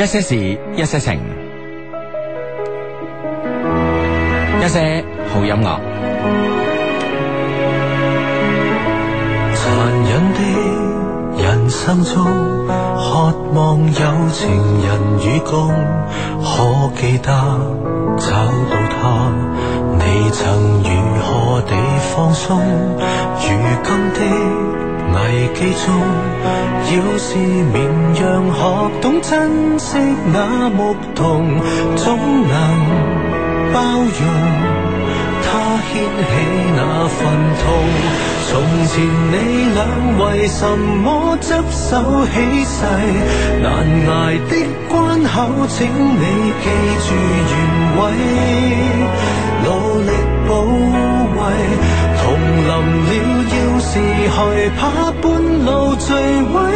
一些事，一些情，一些好音樂。殘忍的人生中，渴望有情人與共，可記得找到他？你曾如何地放鬆？如今的。危機中，要是綿羊學懂珍惜那牧童，總能包容他牽起那份痛。從前你倆為什麼執手起誓？難捱的關口，請你記住原委，努力保衞，同林鳥。是害怕半路墜毀，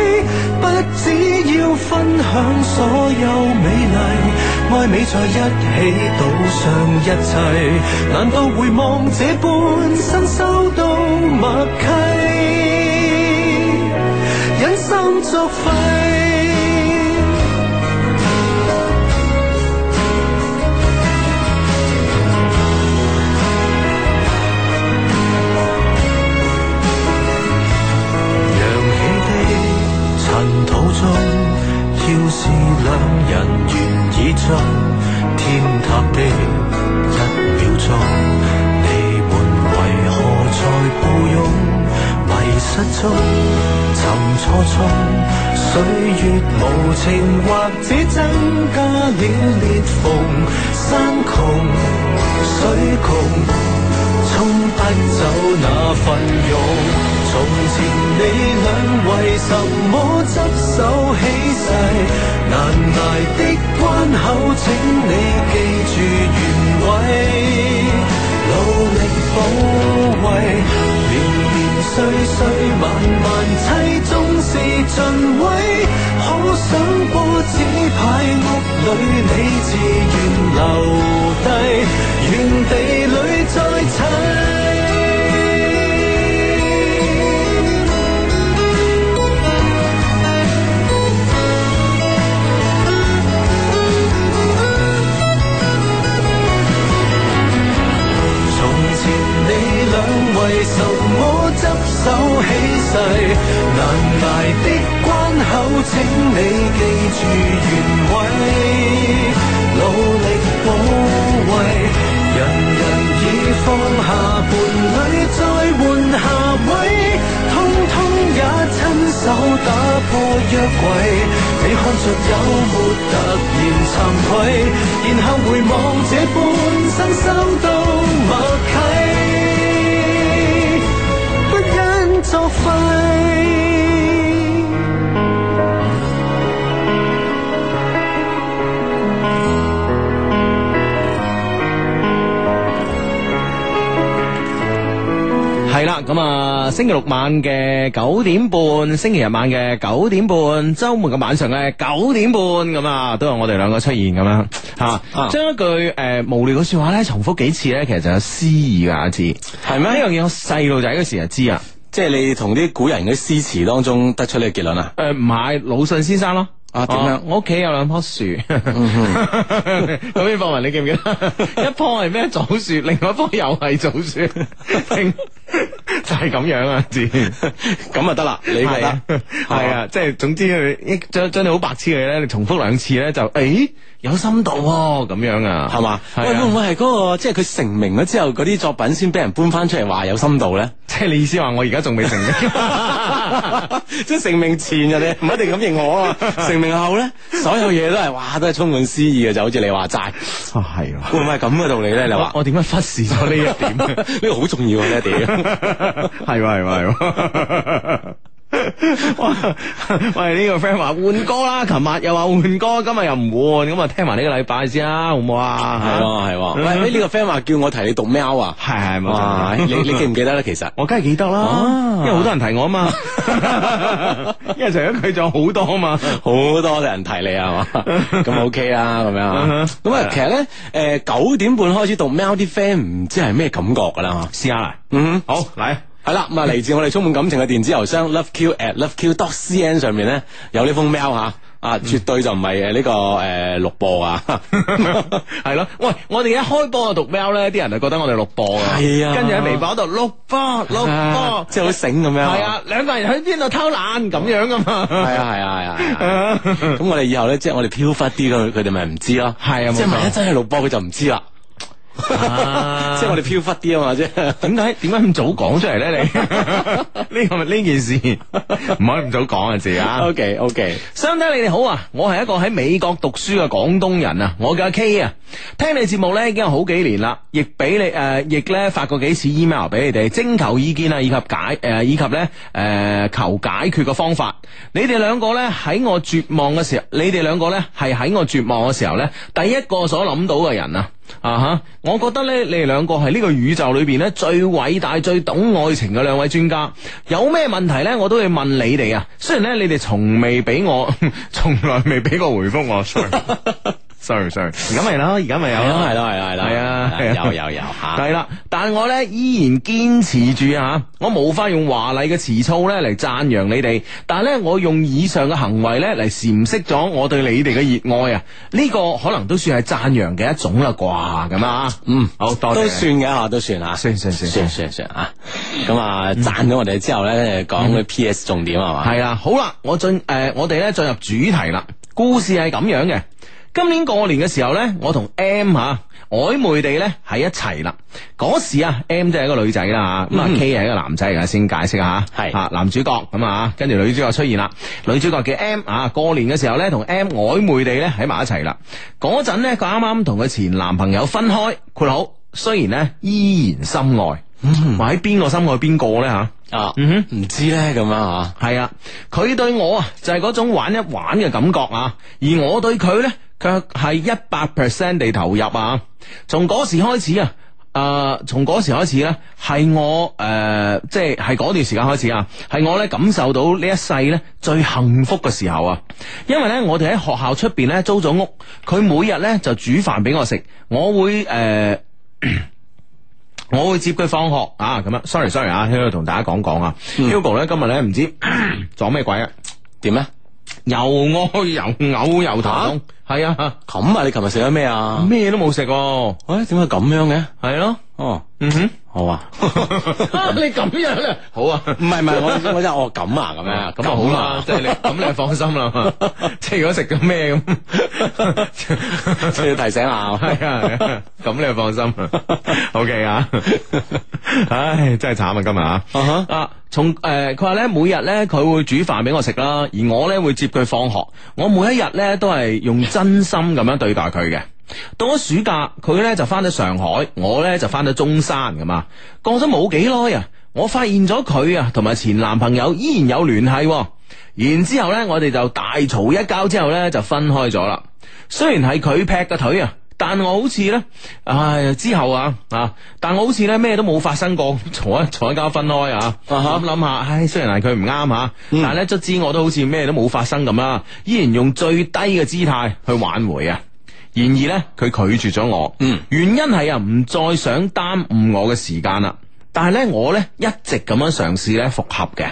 不只要分享所有美麗，愛美在一起賭上一切，難道回望這半生收到默契，忍心作廢。要是兩人願意將天塌的一秒鐘，你們為何在抱擁？迷失中，尋初衷，歲月無情，或只增加了裂縫。山窮水窮，沖不走那份勇。從前你倆為什麼執手起誓？難挨的關口，請你記住原委。努力保衛，年年歲歲，萬萬妻終是盡毀。好想過此牌屋裏，你自願留低，原地裏再砌。等為什麼執手起誓？難捱的關口，請你記住原委，努力保衞。人人已放下伴侶，再換下位，通通也親手打破約櫃。你看着有沒突然慚愧？然後回望這半生，心都默契。係啦，咁 啊，星期六晚嘅九點半，星期日晚嘅九點半，周末嘅晚上咧九點半，咁啊，都係我哋兩個出現咁樣吓。將一句誒、呃、無聊嘅說話咧，重複幾次咧，其實就有詩意噶阿子，係咩？呢樣嘢我細路仔嗰時就知啊。即係你同啲古人嘅詩詞當中得出呢個結論啊？誒、呃，唔係魯迅先生咯。啊，點樣？啊、我屋企有兩棵樹，咁樣放埋你記唔記得？一棵係咩棗樹，另外一棵又係棗樹， 平 就係咁樣啊？字咁啊得啦，你係係啊，吧啊，即係總之佢一將將你好白痴嘅嘢你重複兩次咧就誒。欸有深度喎、哦，咁樣啊，係嘛？喂，會唔會係嗰個，即係佢成名咗之後嗰啲作品先俾人搬翻出嚟話有深度咧？即係、 就是、你意思話我而家仲未成名，即 係 成名前啊，你唔一定咁認我啊。 成名後咧，所有嘢都係，哇，都係充滿詩意嘅，就好似你話齋、 哦、啊，係， 會唔會係咁嘅道理咧？你話我點解忽視咗呢一點？呢個好重要嘅一點，係嘛，係嘛、啊，係 哇！喂，呢個 friend 話換歌啦，琴日又話換歌，今日又唔換，咁啊聽埋呢個禮拜先啦，好唔好啊？係係喂，呢個 friend 話叫我提你讀喵啊？係係嘛？你你記唔記得咧？其實我梗係記得啦，因為好多人提我啊嘛，因為除咗佢仲有好多啊嘛，好多人提你啊嘛，咁 ok 啦，咁樣咁啊，其實咧誒九點半開始讀喵啲 friend 唔知係咩感覺噶啦，試下嚟！嗯，好嚟。係啦，咁啊嚟自我哋充滿感情嘅電子郵箱 loveq at loveq. dot cn 上面咧，有呢封 mail 吓，啊絕對就唔係誒呢個誒錄播啊，係咯，喂，我哋一開播就讀 mail 咧，啲人就覺得我哋錄播啊，係啊，跟住喺微博度錄播，錄播，即係好醒咁樣，係啊，兩個人喺邊度偷懶咁樣噶嘛，係啊係啊係啊，咁我哋以後咧，即係我哋飄忽啲咯，佢哋咪唔知咯，係啊，即係萬一真係錄播，佢就唔知啦。 即係我哋飄忽啲啊嘛，即係點解點解咁早講出嚟咧？你呢個呢件事唔可以咁早講啊，自己啊。OK OK，兄弟你哋好啊！我係一個喺美國讀書嘅廣東人啊！我叫阿 K 啊，聽你節目咧已經好幾年啦，亦俾你誒，亦咧發過幾次 email 俾你哋徵求意見啊，以及解誒、呃，以及咧誒、呃、求解決嘅方法。你哋兩個咧喺我絕望嘅時候，你哋兩個咧係喺我絕望嘅時候咧，第一個所諗到嘅人啊！啊吓，uh huh. 我覺得咧，你哋兩個係呢個宇宙裏邊咧最偉大、最懂愛情嘅兩位專家。有咩問題咧，我都會問你哋啊。雖然咧，你哋從未俾我，從 來未俾過回覆我、啊。 sorry sorry，而家咪咯，而家咪有咯，係咯係咯係啦，係啊，有有有吓，係啦，但係我咧依然堅持住啊，我冇法用華麗嘅詞藻咧嚟讚揚你哋，但係咧我用以上嘅行為咧嚟詮釋咗我對你哋嘅熱愛啊，呢個可能都算係讚揚嘅一種啦啩，咁啊，嗯，好多都算嘅，啊，都算啊，算算算算算算啊，咁啊，讚咗我哋之後咧，講個 P S 重點係嘛，係啦，好啦，我進誒，我哋咧進入主題啦，故事係咁樣嘅。今年過年嘅時候呢，我同 M 吓曖昧地呢喺一齊啦。嗰時啊，M 即係一個女仔啦，咁啊 K 係一個男仔嚟嘅。先解釋下，係吓是男主角咁啊，跟住女主角出現啦。女主角嘅 M 啊，過年嘅時候呢，同 M 曖昧地呢喺埋一齊啦。嗰陣呢，佢啱啱同佢前男朋友分開，括號雖然呢，依然深愛，話喺邊個深愛邊個呢？吓啊，唔、嗯、哼知呢，咁樣吓，係啊，佢對我啊就係嗰種玩一玩嘅感覺啊，而我對佢呢。佢係一百 percent 地投入啊！從嗰時開始啊，誒、呃，從嗰時開始咧，係我誒、呃，即係係嗰段時間開始啊，係我咧感受到呢一世咧最幸福嘅時候啊！因為咧，我哋喺學校出邊咧租咗屋，佢每日咧就煮飯俾我食，我會誒、呃，我會接佢放學啊，咁樣。Sorry，Sorry Sorry, 啊，喺度同大家講講啊，Hugo 咧今日咧唔知撞咩鬼啊？點咧？又屙又嘔又痰，係啊！咁啊，你琴日食咗咩啊？咩都冇食喎，哎，點解咁樣嘅？係咯，哦，嗯哼，好啊，你咁樣咧，好啊，唔係唔係，我我覺得哦咁啊，咁樣咁就好啦，即係你咁你放心啦，即係如果食咗咩咁，即係要提醒下，係啊，咁你放心，OK 啊，唉，真係慘啊，今日啊。從誒，佢話咧，呃、每日咧佢會煮飯俾我食啦，而我咧會接佢放學。我每一日咧都係用真心咁樣對待佢嘅。到咗暑假，佢咧就翻咗上海，我咧就翻咗中山噶嘛。過咗冇幾耐啊，我發現咗佢啊，同埋前男朋友依然有聯繫。然之後咧，我哋就大嘈一交之後咧，就分開咗啦。雖然係佢劈個腿啊。但我好似呢，唉之後啊啊，但我好似呢，咩都冇發生過，坐一坐一間分開啊，我諗諗下，唉雖然係佢唔啱吓，嗯、但呢，卒之我都好似咩都冇發生咁啦，依然用最低嘅姿態去挽回啊。然而呢，佢拒絕咗我，嗯、原因係啊唔再想耽誤我嘅時間啦。但係呢，我呢，一直咁樣嘗試呢，複合嘅，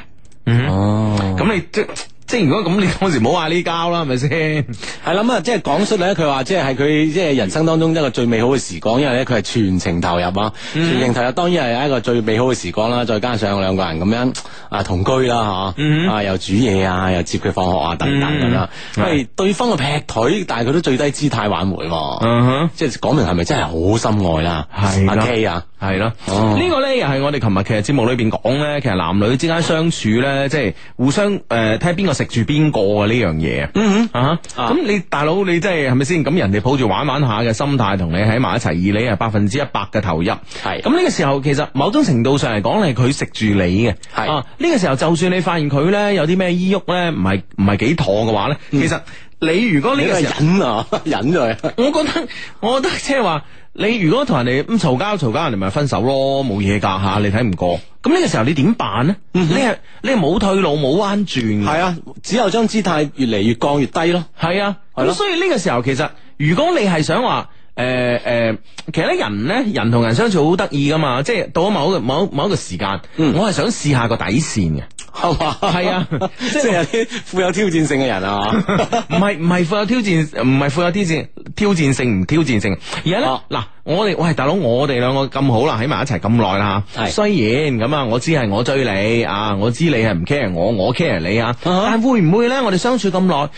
哦、嗯，咁、啊、你。即如果咁，你當時唔好嗌呢交啦，係咪先？係啦， 咁啊，即係講出咧，佢話即係係佢即係人生當中一個最美好嘅時光，因為咧佢係全程投入啊，嗯、全程投入當然係一個最美好嘅時光啦。再加上兩個人咁樣啊同居啦，嚇啊、嗯、又煮嘢啊，又接佢放學啊等等啦。係、嗯、是對方嘅劈腿，但係佢都最低姿態挽回喎。即係講明係咪真係好心愛啦？係阿、嗯、的 K 啊，係咯。呢、哦、個咧又係我哋琴日其實節目裏邊講咧，其實男女之間相處咧，即係互相誒睇下邊個。呃食住邊個啊？呢樣嘢，嗯哼，啊，咁你，啊、你大佬你即係係咪先？咁人哋抱住玩玩下嘅心態同你喺埋一齊，以你係百分之一百嘅投入，係咁呢個時候，其實某種程度上嚟講，係佢食住你嘅。係的啊，呢、呢個時候就算你發現佢咧有啲咩依喐咧，唔係唔係幾妥嘅話咧，其實、嗯、你如果呢個人啊，忍咗， 我覺得我覺得即係話。你如果同人哋咁嘈交嘈交，人哋咪分手咯，冇嘢㗎吓，你睇唔過。咁呢個時候你點辦咧？ 你係你係冇退路冇彎轉，係啊，只有將姿態越嚟越降越低咯。係啊，咁、啊、所以呢個時候其實，如果你係想話。誒誒、呃呃，其實咧人咧，人同人相處好得意噶嘛，即係到咗某一個、某某一個時間，嗯、我係想試下個底線嘅，係嘛，係啊，即係有啲富有挑戰性嘅人啊，唔係唔係富有挑戰，唔係富有挑戰挑戰性唔挑戰性，而家咧嗱，我哋喂大佬，我哋兩個咁好啦，喺埋一齊咁耐啦，係是雖然咁啊，我知係我追你啊，我知你係唔 care 我，我 care 你啊， 但係會唔會咧？我哋相處咁耐。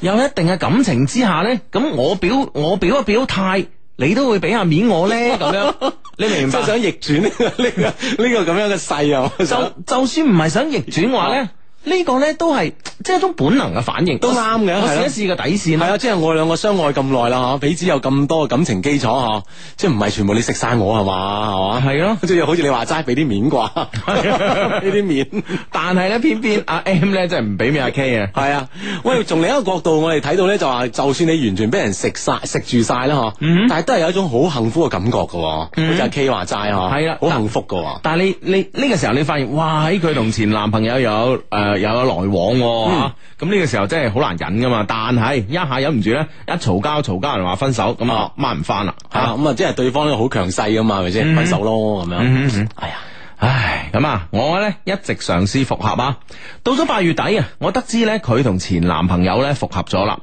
有一定嘅感情之下咧，咁我表我表一表態，你都會俾下面我咧咁樣，你明唔明？即係 想逆轉呢個呢個呢個咁樣嘅勢啊！就就算唔係想逆轉嘅話咧。呢個咧都係即係一種本能嘅反應，都啱嘅，係啦，試一試嘅底線啦，係啊，即係我兩個相愛咁耐啦，嗬，彼此有咁多嘅感情基礎，嗬，即係唔係全部你食晒我係嘛，係嘛，係咯，即係好似你話齋俾啲面啩，呢啲面，但係咧偏偏阿 M 咧真係唔俾面阿 K 啊。係啊，喂，從另一個角度我哋睇到咧就話，就算你完全俾人食晒食住晒啦，嗬，但係都係有一種好幸福嘅感覺嘅，好似阿 K 話齋嗬，係啦，好幸福嘅，但係你你呢個時候你發現，哇，喺佢同前男朋友有誒。又有來往吓、啊，咁呢、嗯啊、個時候真係好難忍噶嘛，但係一下忍唔住咧，一嘈交，嘈交人話分手，咁啊，掹唔翻啦吓，咁啊，即係、啊啊、對方咧好強勢噶嘛，係咪先分手咯咁樣？嗯、哼哼哎呀，唉，咁啊，我咧一直嘗試復合啊，到咗八月底啊，我得知咧佢同前男朋友咧復合咗啦。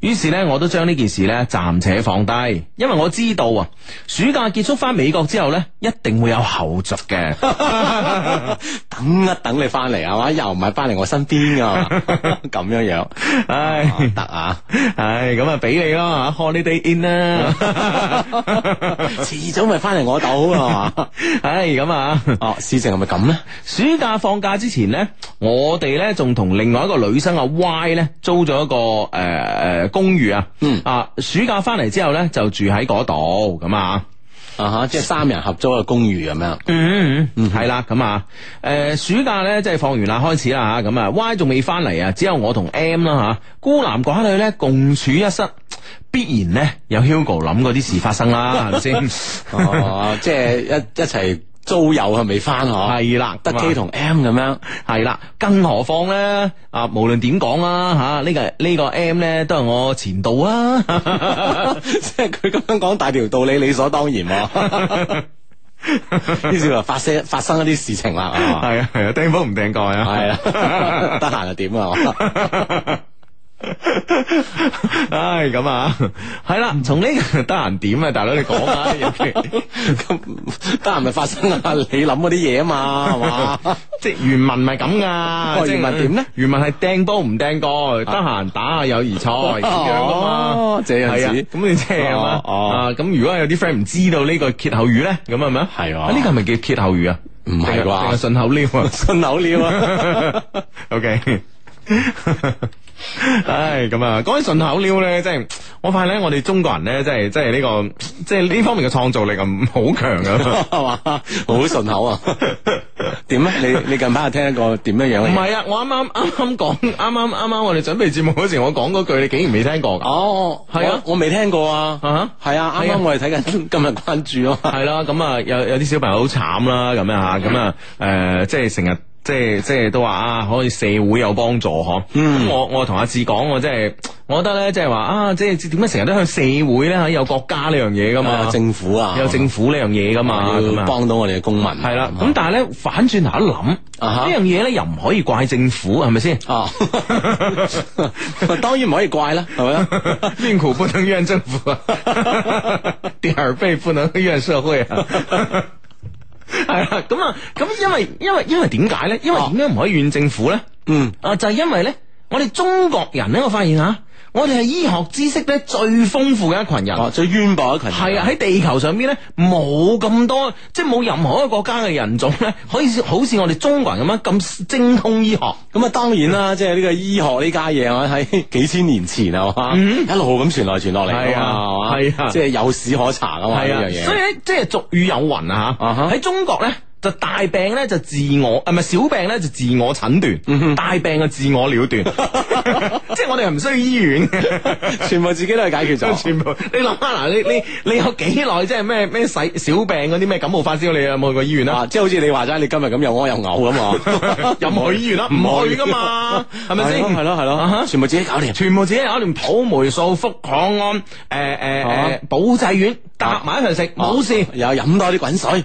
於是咧，我都將呢件事咧暫且放低，因為我知道啊，暑假結束翻美國之後咧，一定會有後續嘅。 等一等你翻嚟係嘛？又唔係翻嚟我身邊噶，咁 樣樣子。唉、哎，得啊，唉，咁啊，俾、哎、你咯，Holiday Inn 啦，遲早咪翻嚟我度啊。啦嘛。唉，咁啊，哦， 事情係咪咁咧？暑假放假之前咧，我哋咧仲同另外一個女生阿 Y 咧租咗一個誒誒。呃呃呃呃公寓啊，嗯啊，暑假翻嚟之後咧就住喺嗰度咁啊，啊哈，即係三人合租嘅公寓咁樣，嗯嗯嗯，係、嗯、啦咁啊，誒、呃，暑假咧即係放完啦，開始啦吓，咁啊，Y 仲未翻嚟啊，只有我同 M 啦、啊、吓，孤男寡女咧共處一室，必然咧有 Hugo 諗嗰啲事發生啦，係咪先？哦、 啊，即係一一齊。租遊係未翻嗬？係啦了，得 K 同 M 咁樣，係啦了。更何況咧，啊，無論點講啦，吓、啊、呢、這個呢、這個 M 咧都係我前度啊， 即係佢咁樣講大條道理，理所當然、啊。於 是就發生發生一啲事情啦、啊，係 啊係啊，訂房唔掟蓋啊，係 啊，得閒就點啊。 唉，咁啊，係 啦，從呢、這個 得閒點啊，大佬你講啊，ok，咁得閒咪發生啊，你諗嗰啲嘢啊嘛，係嘛，即係原文咪咁噶，正文點咧？原文係掟波唔掟個，得閒打下友誼賽，咁 樣噶嘛，係啊，咁、哦 啊、你即係啊哦，哦，咁、啊、如果有啲 friend 唔知道個呢個歇後語咧，咁係咪啊？係啊，呢個係咪叫歇後語啊？唔係啩？順口溜啊，順口溜啊，ok。唉、 哎，咁啊，講起順口溜咧，即係我發覺咧，我哋中國人咧，即係即係呢個，即係呢方面嘅創造力啊，唔好強啊，係嘛，好順口啊。點 咧？你你近排係聽一個點樣樣？唔係 啊，我啱啱啱啱講，啱啱啱啱，剛剛剛剛我哋準備節目嗰時，我講嗰句，你竟然未聽過噶、哦？哦，係啊，哇我未聽過啊。啊，係啊，啱啱、啊、我哋睇緊今日關注咯。係、 嗯、啦，咁啊，有有啲小朋友好慘啦，咁樣吓，咁啊，誒、呃，即係成、呃呃呃、日。 即係即係都話啊，可以社會有幫助嗬。咁我我同阿志講，我即係我，、即係、我覺得咧，即係話啊，即係點解成日都向社會咧，有國家呢樣嘢噶嘛、啊，政府啊，有政府呢樣嘢噶嘛，啊、要幫到我哋嘅公民。係啦，咁、啊、但係咧反轉頭一諗，呢、啊、哈樣嘢咧又唔可以怪政府，係咪先？哦、啊， 當然唔可以怪啦，係咪啊？命 苦不能怨政府，點 背不能怨社會。 係啊，咁啊， 咁因為因為因為點解咧？因為點解唔可以怨政府咧？啊、嗯，啊就係、是、因為咧，我哋中國人咧，我發現吓。我哋係醫學知識咧，最豐富嘅一群人，啊、最淵博一群人。係啊，喺地球上邊咧冇咁多，即係冇任何一個國家嘅人種咧，可以好似我哋中國人咁樣咁精通醫學。咁啊、嗯，當然啦，即係呢個醫學呢家嘢，喺幾千年前啊嘛，嗯、一路咁傳來傳落嚟，係啊，係啊，啊即係有史可查啊嘛呢樣嘢。啊、所以咧，即係俗語有云啊，喺、uh huh. 中國咧。大病咧就自我，誒唔係，小病咧就自我診斷，大病嘅自我了斷。即係我哋係唔需要醫院，全部自己都係解決咗。全部，你諗下嗱，你你你有幾耐即係咩咩細小病嗰啲咩感冒發燒，你有冇去過醫院啊？即係好似你話齋，你今日咁又屙又嘔咁啊，有冇去醫院啊？唔去噶嘛，係咪先？係咯係咯，全部自己搞掂，全部自己搞掂，普霉素、福康安、誒誒誒保濟丸，搭埋一齊食，冇事。又飲多啲滾水。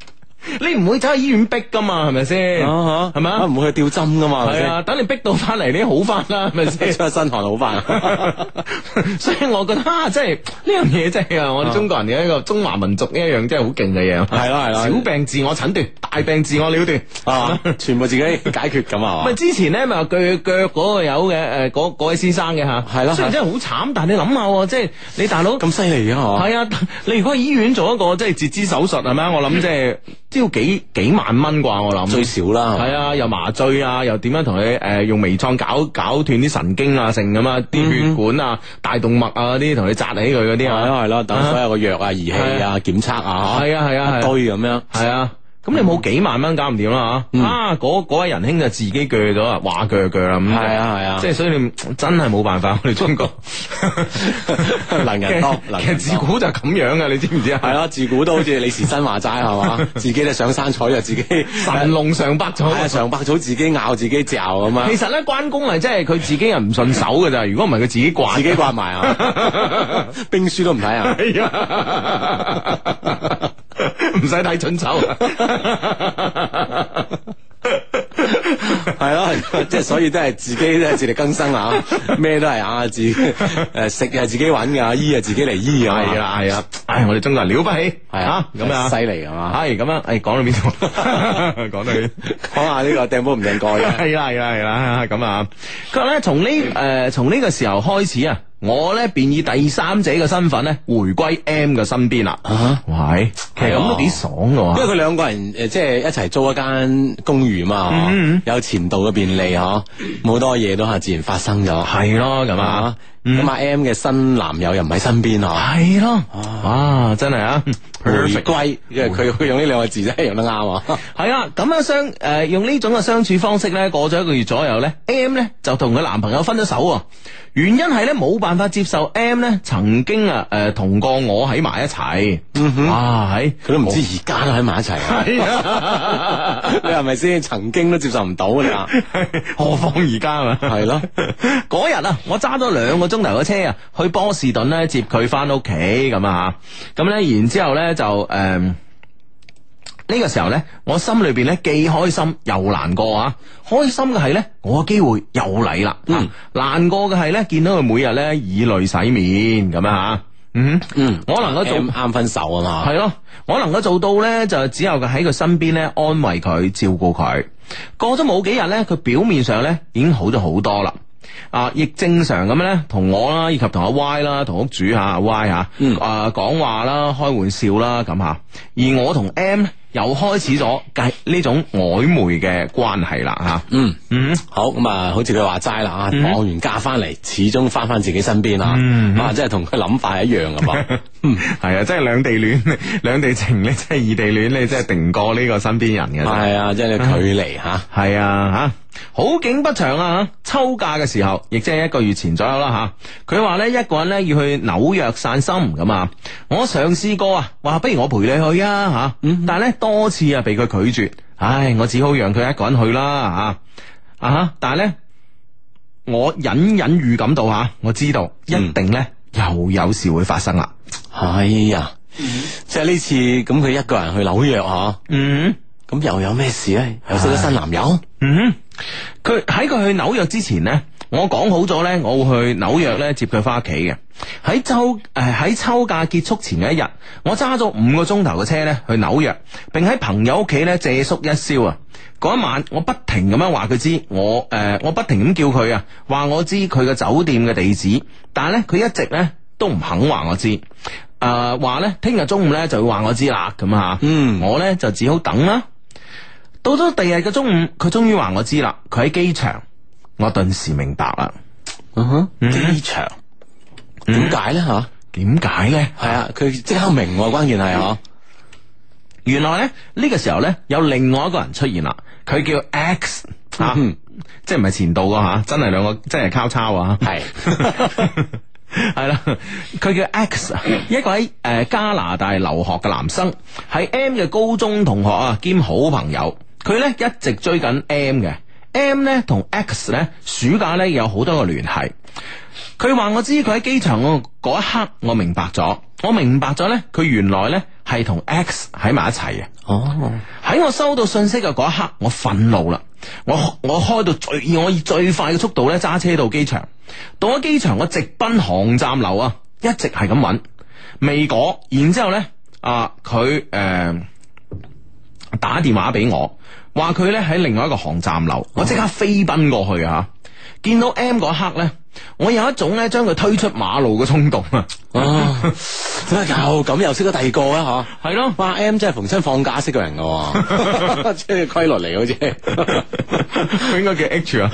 你唔會走去醫院逼噶嘛，係咪先？吓，係咪啊？唔會去吊針噶嘛？係啊，等你逼到翻嚟，你好翻啦，係咪先？出一身汗好翻。所以我覺得啊，即係呢樣嘢，即係我哋中國人嘅一個中華民族呢一樣，真係好勁嘅嘢。係啦係啦，小病自我診斷，大病自我了斷啊，全部自己解決咁啊。咪之前咧咪話腳腳嗰個有嘅誒，嗰位先生嘅，吓係咯，雖然真係好慘。但係你諗下，即係你大佬咁犀利啊嗬？係啊，你如果去醫院做一個即係截肢手術，係咪我諗即係。都要幾幾萬蚊啩，我諗最少啦。係啊，又麻醉啊，又點樣同你誒用微創搞搞斷啲神經啊，成咁啊，啲血管啊、大動脈啊嗰啲同你紮起佢嗰啲啊，係咯，係咯，等所有個藥啊、儀器啊、檢測啊，係啊，係啊，堆咁樣，係啊。咁你冇幾萬蚊搞唔掂啦，啊，嗰位仁兄就自己鋸咗啊，話鋸就鋸啦，咁係啊係啊，即係所以你真係冇辦法，我哋中國能人多，其實自古就咁樣噶，你知唔知啊？係咯，自古都好似李時珍話齋係嘛，自己咧上山採草就自己神龍嚐百草，嚐百草自己咬自己嚼咁啊。其實咧關公係即係佢自己又唔順手噶咋，如果唔係佢自己掛，自己掛埋啊，兵書都唔睇啊。唔使睇準手，係 咯， 即對係所以都係自，自己都咧自，自力更生啊！咩都係啊，自誒食係自己揾噶，醫啊自己嚟醫啊，係啊係啊。對對對唉，我哋中國人了不起，係啊，咁啊，犀利係嘛，吓，咁樣，誒，講到邊度？講到邊？講下呢個掟波唔應該，係啦，係啦，係啦，咁啊，佢咧從呢誒，從呢個時候開始啊，我咧便以第三者嘅身份咧回歸 M 嘅身邊啦。啊，係，其實咁都幾爽噶，因為佢兩個人誒，即係一齊租一間公寓嘛，有前度嘅便利嗬，好多嘢都係自然發生咗，係咯，咁啊。咁阿、嗯、M 嘅新男友又唔喺身邊啊？係咯，啊真係啊，回歸，因為佢佢用呢兩個字真係用得啱啊！係啊，咁樣相誒用呢種嘅相處方式咧，過咗一個月左右咧，M 咧就同佢男朋友分咗手啊！原因係咧冇辦法接受 M 咧曾經啊誒同過我喺埋一齊，啊，喺佢都唔知而家都喺埋一齊啊！你係咪先曾經都接受唔到你啊？何況而家啊？係咯，日啊，我揸咗兩個。中頭個車啊，去波士頓咧接佢翻屋企咁啊，咁咧，樣然之後咧就誒，呢、呃這個時候咧，我心裏邊咧既開心又難過啊！開心嘅係咧，我嘅機會又嚟啦，嗯、難過嘅係咧，見到佢每日咧以淚洗面咁樣吓，嗯嗯，我夠嗯，我能夠做啱分手啊嘛，係咯，我能夠做到咧就只有佢喺佢身邊咧安慰佢照顧佢，過咗冇幾日咧，佢表面上咧已經好咗好多啦。啊，亦正常咁樣咧，同我啦，以及同阿 Y 啦，同屋主吓阿 Y 吓，嗯、啊講話啦，開玩笑啦咁吓，而我同 M。又開始咗計呢種曖昧嘅關係啦嚇，嗯嗯，嗯，好咁啊，好似佢話齋啦啊，放完假翻嚟，始終翻翻自己身邊啦，哇、嗯嗯嗯，即係同佢諗法一樣嘅嘛， 嗯，係啊，即係兩地戀，兩地情咧，即係異地戀咧，即係定唔過呢個身邊人嘅，係 啊，即係距離嚇，係啊嚇、啊啊，好景不長啊，秋假嘅時候，亦即係一個月前左右啦嚇，佢話咧一個人咧要去紐約散心咁啊，我嘗試過啊話不如我陪你去啊嚇、啊，嗯，但係咧。多次啊，被佢拒絕，唉，我只好讓佢一個人去啦，吓，啊，但係咧，我隱隱預感到吓，我知道一定咧、嗯、又有事會發生啦，哎呀，即係呢次咁佢一個人去紐約吓，啊、嗯。咁又有咩事咧？有識咗新男友？唉嗯，佢喺佢去紐約之前呢，我講好咗呢，我會去紐約咧接佢翻屋企嘅。喺秋誒喺、呃、秋假結束前嘅一日，我揸咗五個鐘頭嘅車呢去紐約，並喺朋友屋企呢借宿一宵啊。嗰一晚，我不停咁樣話佢知我誒、呃，我不停咁叫佢啊，話我知佢嘅酒店嘅地址，但係、呃嗯、呢，佢一直呢都唔肯話我知，誒話咧聽日中午呢就會話我知啦，咁吓，嗯，我呢就只好等啦。到咗第二日嘅中午，佢終於話我知啦。佢喺機場，我頓時明白啦。嗯哼、uh，huh. mm hmm. 機場點解咧？吓，點解咧？係、hmm. 啊，佢即刻明，我關鍵係嗬。原來咧呢、呢個時候咧，有另外一個人出現啦。佢叫 X 啊，mm hmm. 即係唔係前度個吓、啊，真係兩個真係交叉啊。係、 啊，係啦。佢叫 X，一位喺誒加拿大留學嘅男生，係 M 嘅高中同學啊，兼好朋友。佢咧一直追緊 M 嘅，M 咧同 X 咧暑假咧有好多個聯繫。佢話我知佢喺機場嗰一刻，我明白咗，我明白咗咧，佢原來咧係同 X 喺埋一齊嘅。哦，喺我收到信息嘅嗰一刻，我憤怒啦，我我開到最我以最快嘅速度咧揸車到機場，到咗機場我直奔航站樓啊，一直係咁揾，未果，然之後咧啊佢誒。打電話俾我，話佢咧喺另外一個航站樓，啊、我即刻飛奔過去吓，見到 M 嗰一刻咧。我有一種咧，將佢推出馬路嘅衝動啊！哦，又咁又識得第二個啊！吓了，係咯，哇 M 真係逢親放假識個人噶、啊， 即係規律嚟，好似佢應該叫 H 啊，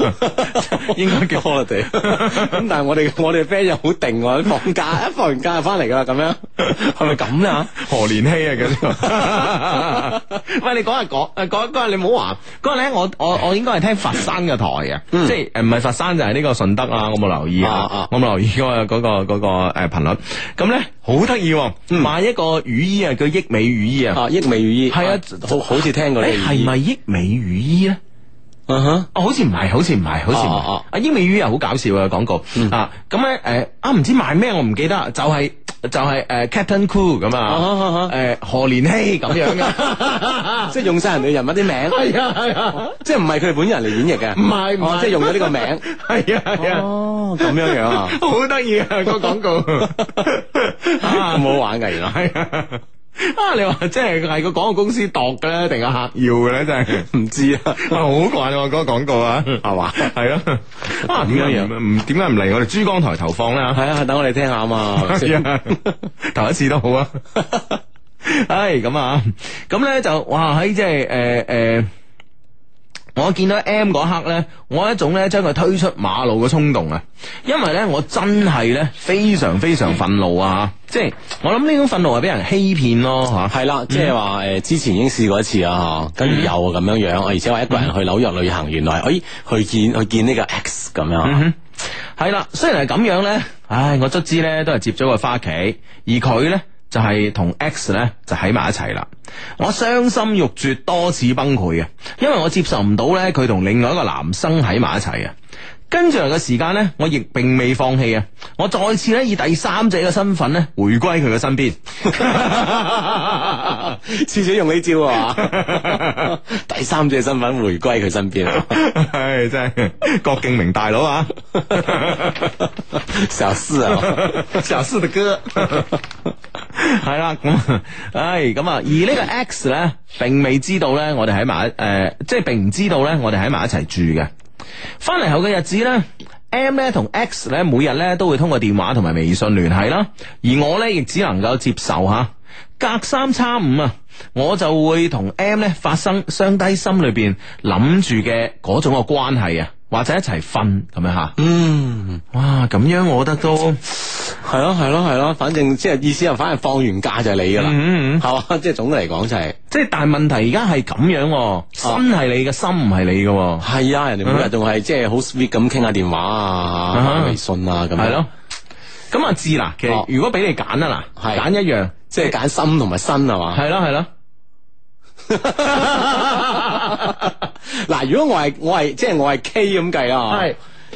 應該叫 holiday。咁 但係我哋我哋 friend 又好定，放假一 放完假就翻嚟噶啦，咁樣係咪咁啊？ 何年希啊，咁， 喂，你講下講，誒，嗰下你唔好話嗰日咧，我我我應該係聽佛山嘅台啊，即係誒，唔係佛山就係、是、呢個順德啊，留意啊！我冇留意嗰個嗰個嗰個誒頻率。咁咧好得意，買一個雨衣啊，叫益美雨衣啊。啊，益美雨衣係啊，好好似聽過。誒，係咪益美雨衣咧？嗯哼，好似唔係，好似唔係，好似唔係。啊。益美雨衣啊，好搞笑嘅廣告啊。咁咧誒，啊唔知買咩，我唔記得，就係。就係、是、誒、呃、Captain Cool 咁樣啊，啊，誒、啊啊啊呃、何連希咁樣嘅，即係用晒人哋人物啲名，係啊係啊，即係唔係佢哋本人嚟演繹嘅，唔係唔係，即係用咗呢個名，係啊係啊，哦咁樣樣啊， 好得意啊、個廣告，好好玩嘅係啊。 啊！你話即係係個廣告公司度嘅咧，定係客要嘅咧，真係唔知 啊！好怪我嗰個廣告啊，係嘛、 啊？係咯，咁樣樣唔點解唔嚟我哋珠江台投放咧？係 啊，等我哋聽下啊嘛，頭 一次都好啊。唉， 咁啊，咁咧就哇喺即係誒誒。呃呃我見到 M 嗰刻咧，我一種咧將佢推出馬路嘅衝動啊！因為咧我真係咧非常非常憤怒啊！嗯、即係我諗呢種憤怒係俾人欺騙咯吓，係啦了，即係話誒之前已經試過一次啊，跟住又咁樣樣，嗯、而且我一個人去紐約旅行，嗯、原來，誒去見去見呢個 X 咁樣，係啦、嗯，雖然係咁樣咧，唉，我卒之咧都係接咗個花旗，而佢咧。就係同 X 咧就喺埋一齊啦，我傷心欲絕，多次崩潰啊，因為我接受唔到咧佢同另外一個男生喺埋一齊啊。跟住嚟嘅時間咧，我亦並未放棄啊，我再次咧以第三者嘅身份咧回歸佢嘅身邊。次 次用呢招啊， 第三者身份回歸佢身邊啊，係、 哎、真係郭敬明大佬啊， 小四啊、哦，小四的歌。 係啦，咁，唉，咁啊，而呢個 X 咧，並未知道咧，我哋喺埋，誒，即係並唔知道咧，我哋喺埋一齊住嘅。翻嚟後嘅日子咧，M 咧同 X 咧，每日咧都會通過電話同埋微信聯繫啦。而我咧，亦只能夠接受吓，隔三差五啊，我就會同 M 咧發生相低心裏邊諗住嘅種嘅關係啊。或者一齊瞓咁樣吓，嗯，哇，咁樣我覺得都係咯，係咯，係咯，反正即係意思又反而放完假就係你噶啦，係嘛，即係總嘅嚟講就係，即係但係問題而家係咁樣，身係你嘅，心唔係你嘅，係啊，人哋每日仲係即係好 sweet 咁傾下電話啊，微信啊咁樣，係咯，咁啊志嗱，其實如果俾你揀啊嗱，揀一樣，即係揀心同埋身係嘛，係咯，係咯。嗱， 如果我係我係是即係我係 K 咁計啊，係，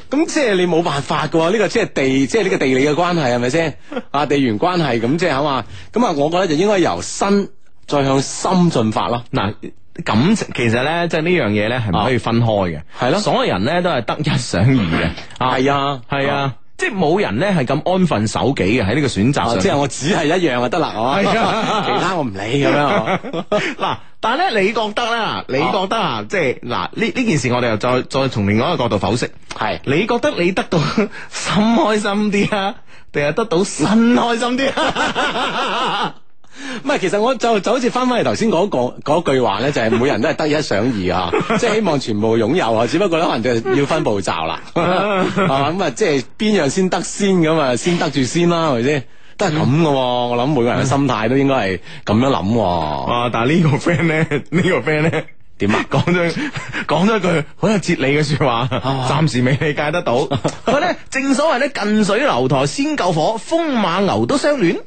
咁即係你冇辦法噶喎，呢、這個即係地即係呢個地理嘅關係係咪先？啊， 地緣關係咁即係好嘛，咁啊，我覺得就應該由身再向心進發咯。嗱，感情其實咧，即係呢樣嘢咧係唔可以分開嘅，係咯、哦，的所有人咧都係得一想二嘅，係啊， 係啊。即係冇人咧，係咁安分守己嘅喺呢個選擇上，哦、即係我只係一樣就得啦，係 我啊，其他我唔理咁樣。嗱，但係咧，你覺得、哦、啦？你覺得啊？即係嗱，呢呢件事我哋又再再從另外一個角度剖析。係、啊、你覺得你得到心開心啲啊，定係得到身開心啲啊？ 唔係，其實我就就好似翻翻嚟頭先嗰個句話咧，就係、是、每人都係得一想二啊， 即係希望全部擁有啊，只不過咧可能就要分步驟啦。啊，咁啊，即係邊樣先得先咁啊，先得住先啦，係咪先？都係咁噶，我諗每個人嘅心態都應該係咁樣諗、啊。啊，但係呢、呢個 friend 咧，呢個 friend 咧。點啊？講咗講咗一句好有哲理嘅說話，暫吧時未理解得到。佢咧 正所謂咧近水樓台先救火，風馬牛都相戀。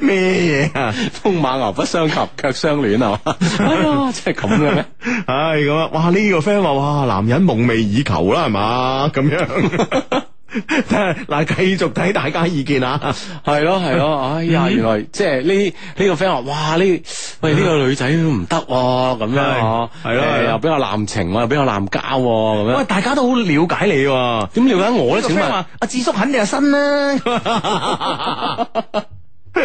咩嘢啊？ 風馬牛不相及相戀，卻相戀係嘛？ 哎呀，真係咁嘅咩？唉，咁啊！哇，呢、這個 friend 話哇，男人夢寐以求啦，係嘛？咁樣。 嗱，繼 續睇大家意見啊，係咯係咯，哎呀，原來即係呢呢個 friend 話、這個，哇呢喂呢、這個女仔都唔得喎，咁樣係咯、呃，又比較濫情，又比較濫交咁樣。喂，大家都好了解你喎、啊，點了解我咧？請問阿、啊、智叔肯定係新啦、啊。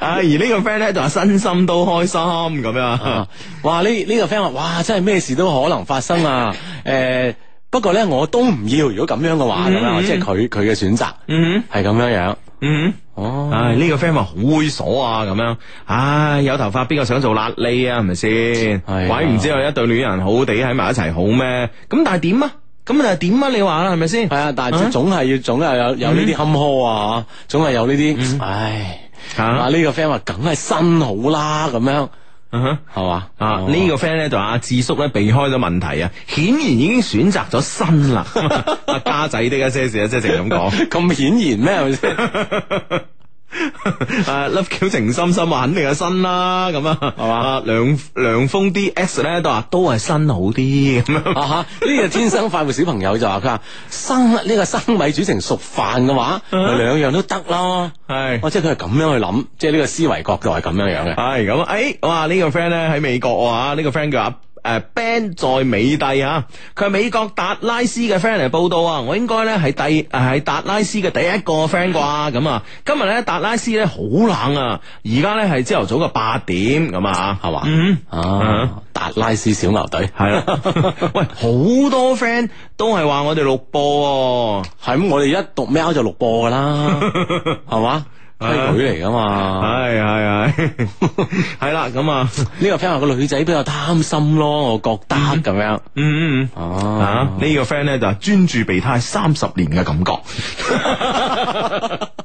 啊，而呢個 friend 咧就話身心都開心咁樣、啊，哇！呢、這、呢個 friend 話、這個，哇，真係咩事都可能發生啊，誒、欸。不過咧，我都唔要。如果咁樣嘅話咁樣，即係佢佢嘅選擇係咁樣樣。哦，唉，呢個 friend 話好猥瑣啊，咁樣。唉，有頭髮邊個想做辣痢啊？係咪先？鬼唔、啊、知有一對戀人好地喺埋一齊好咩？咁但係點啊？咁但係點啊？你話啦，係咪先？係啊，但係總係要總係有有呢啲坎坷啊，總係有呢啲。唉、mm，嗱、hmm. 哎，呢、這個 friend 話梗係新好啦、啊，咁樣。嗯哼，係嘛、uh huh. 啊？啊啊個呢個 friend 咧就阿智叔咧避開咗問題啊，顯然已經選擇咗新啦。阿、 啊、家仔的一些事，即係成係咁講，咁 顯然咩係咪先？ 誒，love Q 情深深啊，肯定係新啦，咁 啊，係嘛，梁梁風 D X 咧都話都係新好啲咁樣 啊，呢個天生快活小朋友就話佢話生呢個生米煮成熟飯嘅話，兩 樣都得咯，係是，我、啊、即係佢係咁樣去諗，即係呢個思維角度係咁樣樣嘅，係咁啊，誒，哇，呢、這個 friend 咧喺美國啊，呢、這個 friend 嘅。誒，band 在美帝吓，佢係美國達拉斯嘅 friend 嚟報道啊，我應該咧係第係達拉斯嘅第一個 friend 啩，咁啊，今日咧達拉斯咧好冷啊，而家咧係朝頭早嘅八點，咁、嗯、啊，係嘛、嗯，啊達拉斯小牛隊係啊，是的 喂好多 friend 都係話我哋錄播，係咁我哋一讀喵就錄播噶啦，係嘛。係女嚟噶嘛？係係係，係啦咁啊！呢個 friend 話個女仔比較貪心咯，我覺得咁樣。嗯嗯，嗯嗯嗯啊呢個 friend 咧就係專注備胎三十年嘅感覺。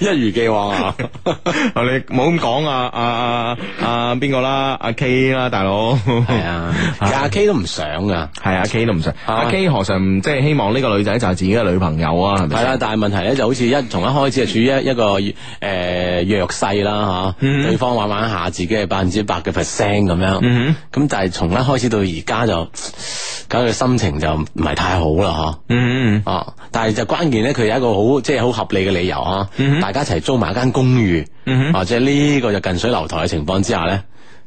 一如既往啊！ 你冇咁講啊啊啊邊個啦？阿、啊、K 啦，大佬係啊，其實阿 K 都唔想噶，係阿 K 都唔想。阿、啊、K 何嘗即係希望呢個女仔就係自己嘅女朋友啊？係咪？係啦、啊，但係問題咧就好似一從一開始係處於一一個誒、呃、弱勢啦，吓、嗯哼，對方玩玩下自己係百分之百嘅 percent 咁樣，咁就係從一開始到而家就。咁佢心情就唔係太好啦，嗬。嗯，哦，但係就關鍵咧，佢有一個好即係好合理嘅理由啊。嗯、哼大家一齊租埋一間公寓。嗯、哼或者呢個就近水樓台嘅情況之下咧，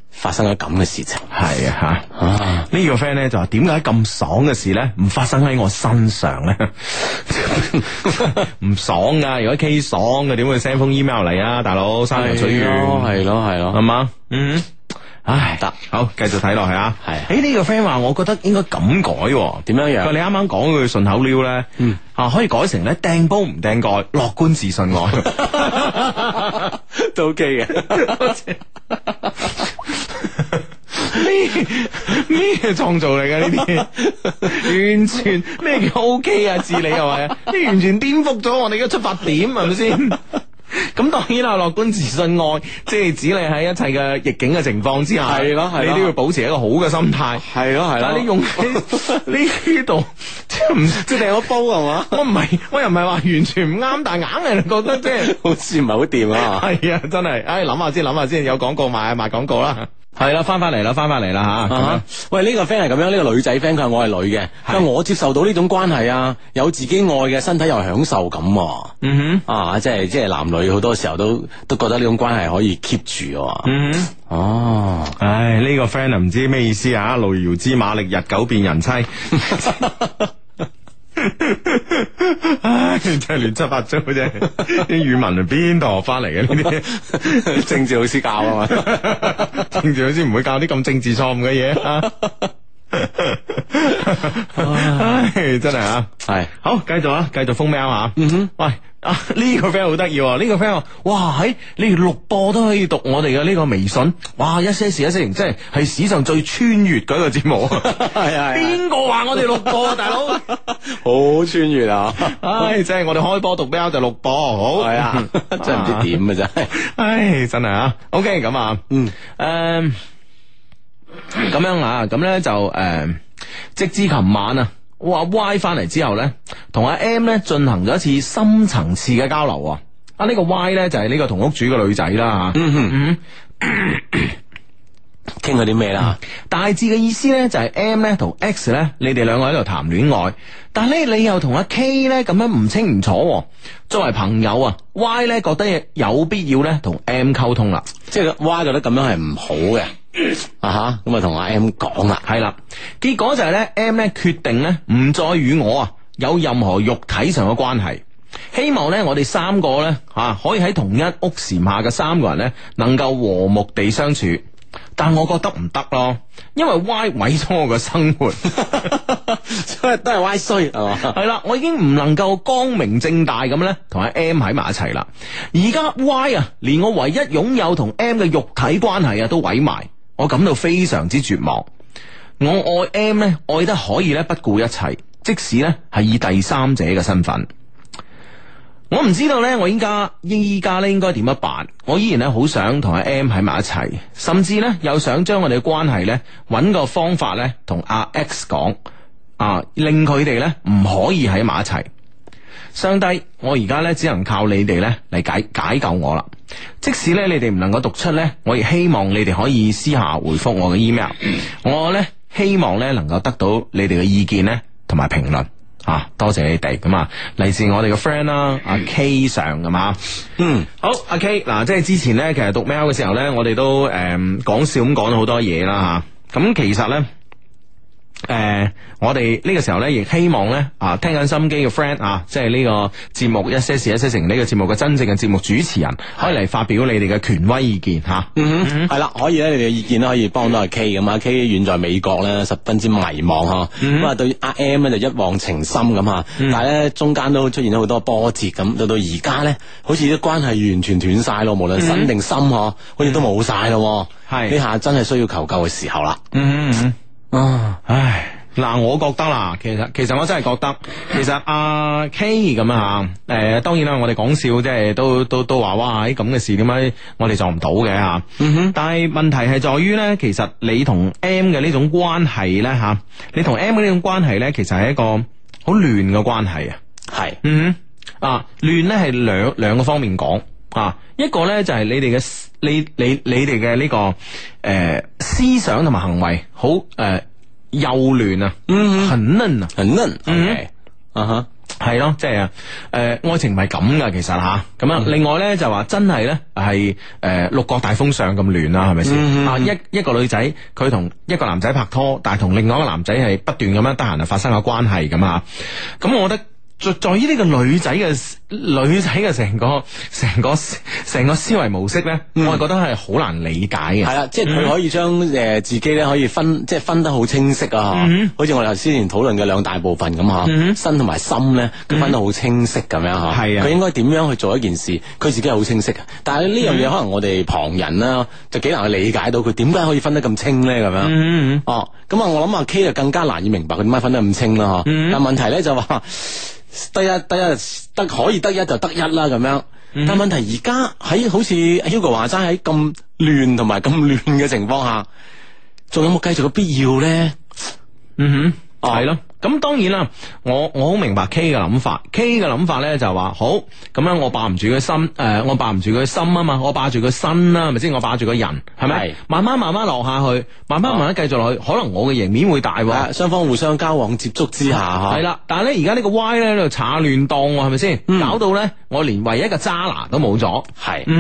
發生咗咁嘅事情。係啊，吓、啊。呢、啊、個 friend 咧就話：點解咁爽嘅事咧，唔發生喺我身上咧？唔 爽噶，如果 K 爽嘅點會 send 封 email 嚟啊，大佬山長水遠。係咯係咯，係嘛、哎，嗯。的的唉得行好，繼續睇落去啊，係、欸。誒、這、呢個 friend 話，我覺得應該咁改，點樣樣？佢你啱啱講句順口溜咧，嗯啊可以改成咧，掟煲唔掟蓋，樂觀自信愛， 都 OK 嘅以。咩咩創造嚟㗎呢啲？完全咩叫 OK 啊？治理又係啊？你完全顛覆咗我哋嘅出發點，係咪先？咁當然啦，樂觀自信愛，即係指你喺一切嘅逆境嘅情況之下， 對你都要保持一個好嘅心態。係咯係咯，對你用呢呢度，即係唔即係我煲係嘛？我唔係我又唔係話完全唔啱，但係硬係覺得即係 好似唔係好掂啊！係啊，真係，唉諗下先諗下先，有廣告賣啊賣廣告啦，係啦，翻翻嚟啦，翻翻嚟啦吓！喂，呢、這個 friend 係咁樣，呢、這個女仔 friend 佢係我係女嘅，的 我接受到呢種關係啊，有自己愛嘅身體又享受咁、啊。嗯哼、mm，hmm. 啊，即係即係男女。所以好多時候都都覺得呢種關係可以 keep 住。嗯，哦，唉，呢個 friend 唔知咩意思啊？路遙知馬力，日久變人妻， 唉，真係亂七八糟嘅啫！啲 語文係邊度學翻嚟嘅？呢 啲政治老師教啊嘛？ 政治老師唔會教啲咁政治錯誤嘅嘢啊！ 唉，真係啊，係是好，繼續啊，繼續封喵啊！嗯哼，喂。呢、啊，這個 friend 好得意喎，呢、這個 friend 話，哇，喺、哎、你錄播都可以讀我哋嘅呢個微信，哇！一些事，一些情，真係係史上最穿越嗰個節目。係啊！ 邊個話我哋錄播啊，大佬？好穿越啊！唉、哎， 即係我哋開波讀比就錄播，好係 啊！ 真係唔知點嘅真係，唉，真係啊。O K，咁啊，嗯，誒，咁樣啊，咁咧就誒，直至琴晚啊。Okay, 話 Y 翻嚟之後咧，同阿 M 咧進行咗一次深層次嘅交流啊！啊、這、呢個 Y 咧就係、是、呢個同屋主嘅女仔啦吓，嗯嗯嗯，傾咗啲咩啦？大致嘅意思咧就係 M 咧同 X 咧，你哋兩個喺度談戀愛，但係咧你又同阿 K 咧咁樣唔清唔楚。作為朋友啊，Y 咧覺得有必要咧同 M 溝通啦，即係 Y 覺得咁樣係唔好嘅。啊吓，咁啊，同阿 M 講啦，係啦，結果就係咧，M 咧決定咧唔再與我啊有任何肉體上嘅關係，希望咧我哋三個咧吓可以喺同一屋檐下嘅三個人咧能夠和睦地相處，但我覺得唔得咯，因為 Y 毀咗我嘅生活， 都係 Y 衰係嘛？係啦， 我已經唔能夠光明正大咁咧同阿 M 喺埋一齊啦，而家 Y 啊，連我唯一擁有同 M 嘅肉體關係啊都毀埋。我感到非常之絕望，我愛 M 咧，愛得可以咧不顧一切，即使咧係以第三者嘅身份，我唔知道咧，我依家依家咧應該點樣辦？我依然咧好想同阿 M 喺埋一齊，甚至咧又想將我哋嘅關係咧，揾個方法咧同阿 X 講啊，令佢哋咧唔可以喺埋一齊。相低，我而家咧只能靠你哋咧嚟解解救我啦。即使咧你哋唔能夠讀出咧，我亦希望你哋可以私下回覆我嘅 email。我咧希望咧能夠得到你哋嘅意見咧同埋評論啊，多謝你哋咁啊。嚟自我哋嘅 friend 啦，阿 K 上。係嘛，嗯，啊、嗯好阿、啊、K 嗱、啊，即係之前咧，其實讀 mail 嘅時候咧，我哋都誒、嗯、講笑咁講咗好多嘢啦吓。咁、啊啊、其實咧。誒，我哋呢個時候咧，亦希望咧，啊，聽緊心機嘅 friend 啊，即係呢個節目《一些事一些情》呢個節目嘅真正嘅節目主持人，可以嚟發表你哋嘅權威意見吓。嗯係啦，可以咧，你哋嘅意見都可以幫到阿 K 咁啊。K 遠在美國咧，十分之迷茫嗬。咁啊，對阿 M 咧就一往情深咁吓，但係咧中間都出現咗好多波折咁，到到而家咧，好似啲關係完全斷晒咯，無論身定心，嗬，好似都冇晒咯。係呢下真係需要求救嘅時候啦。嗯嗯。啊，唉，嗱，我覺得啦，其實其實我真係覺得，其實阿 K 咁啊，誒、啊，當然啦，我哋講笑，即係都都都話哇，咁嘅事點解我哋做唔到嘅吓？啊、嗯哼，但係問題係在於咧，其實你同 M 嘅呢種關係咧吓，你同 M 嘅呢種關係咧，其實係一個好亂嘅關係啊。係，嗯哼，啊，亂咧係兩兩個方面講。啊，一個咧就係你哋嘅你你你哋嘅呢個誒思想同埋行為好誒幼嫩啊，很嫩啊，很嫩，係啊哈，係咯，即係誒愛情唔係咁噶，其實吓咁樣。另外咧就話真係咧係誒六角大風上咁亂啦，係咪先啊？一一個女仔佢同一個男仔拍拖，但係同另外一個男仔係不斷咁樣得閒啊發生下關係咁啊，咁我覺得。在在於呢個女仔嘅女仔嘅成個成個成個思維模式咧，嗯、我係覺得係好難理解嘅。係啊，即係佢可以將誒自己咧可以分，嗯、即係分得好清晰啊！嚇、嗯，好似我哋頭先連討論嘅兩大部分咁嚇，嗯、身同埋心咧，佢分得好清晰咁樣嚇。係啊的，佢應該點樣去做一件事，佢自己係好清晰嘅。但係呢樣嘢可能我哋旁人啦，就幾難去理解到佢點解可以分得咁清咧咁樣。哦、嗯，咁、嗯、啊，我諗阿 K 就更加難以明白佢點解分得咁清啦！嚇、嗯，嗯、但問題咧就話、是。得一得一得可以得一就得一啦咁樣，嗯、哼但問題而家喺好似 Hugo 話齋喺咁亂同埋咁亂嘅情況下，仲有冇繼續嘅必要咧？嗯哼，係咯、oh.。咁當然啦，我我好明白 K 嘅諗法，K 嘅諗法咧就係話、是、好咁樣我霸住、呃，我霸唔住佢心，誒，我霸唔住佢心啊嘛，我霸住佢身啦，係咪先？我霸住個人，係咪？是慢慢慢慢落下去，慢慢慢慢繼續落去，哦、可能我嘅贏面會大、啊，雙、啊、方互相交往接觸之下，係啦、 啊。但係咧，而家呢個 Y 咧喺度炒亂檔，係咪先？嗯、搞到咧，我連唯一嘅渣男都冇咗。係是，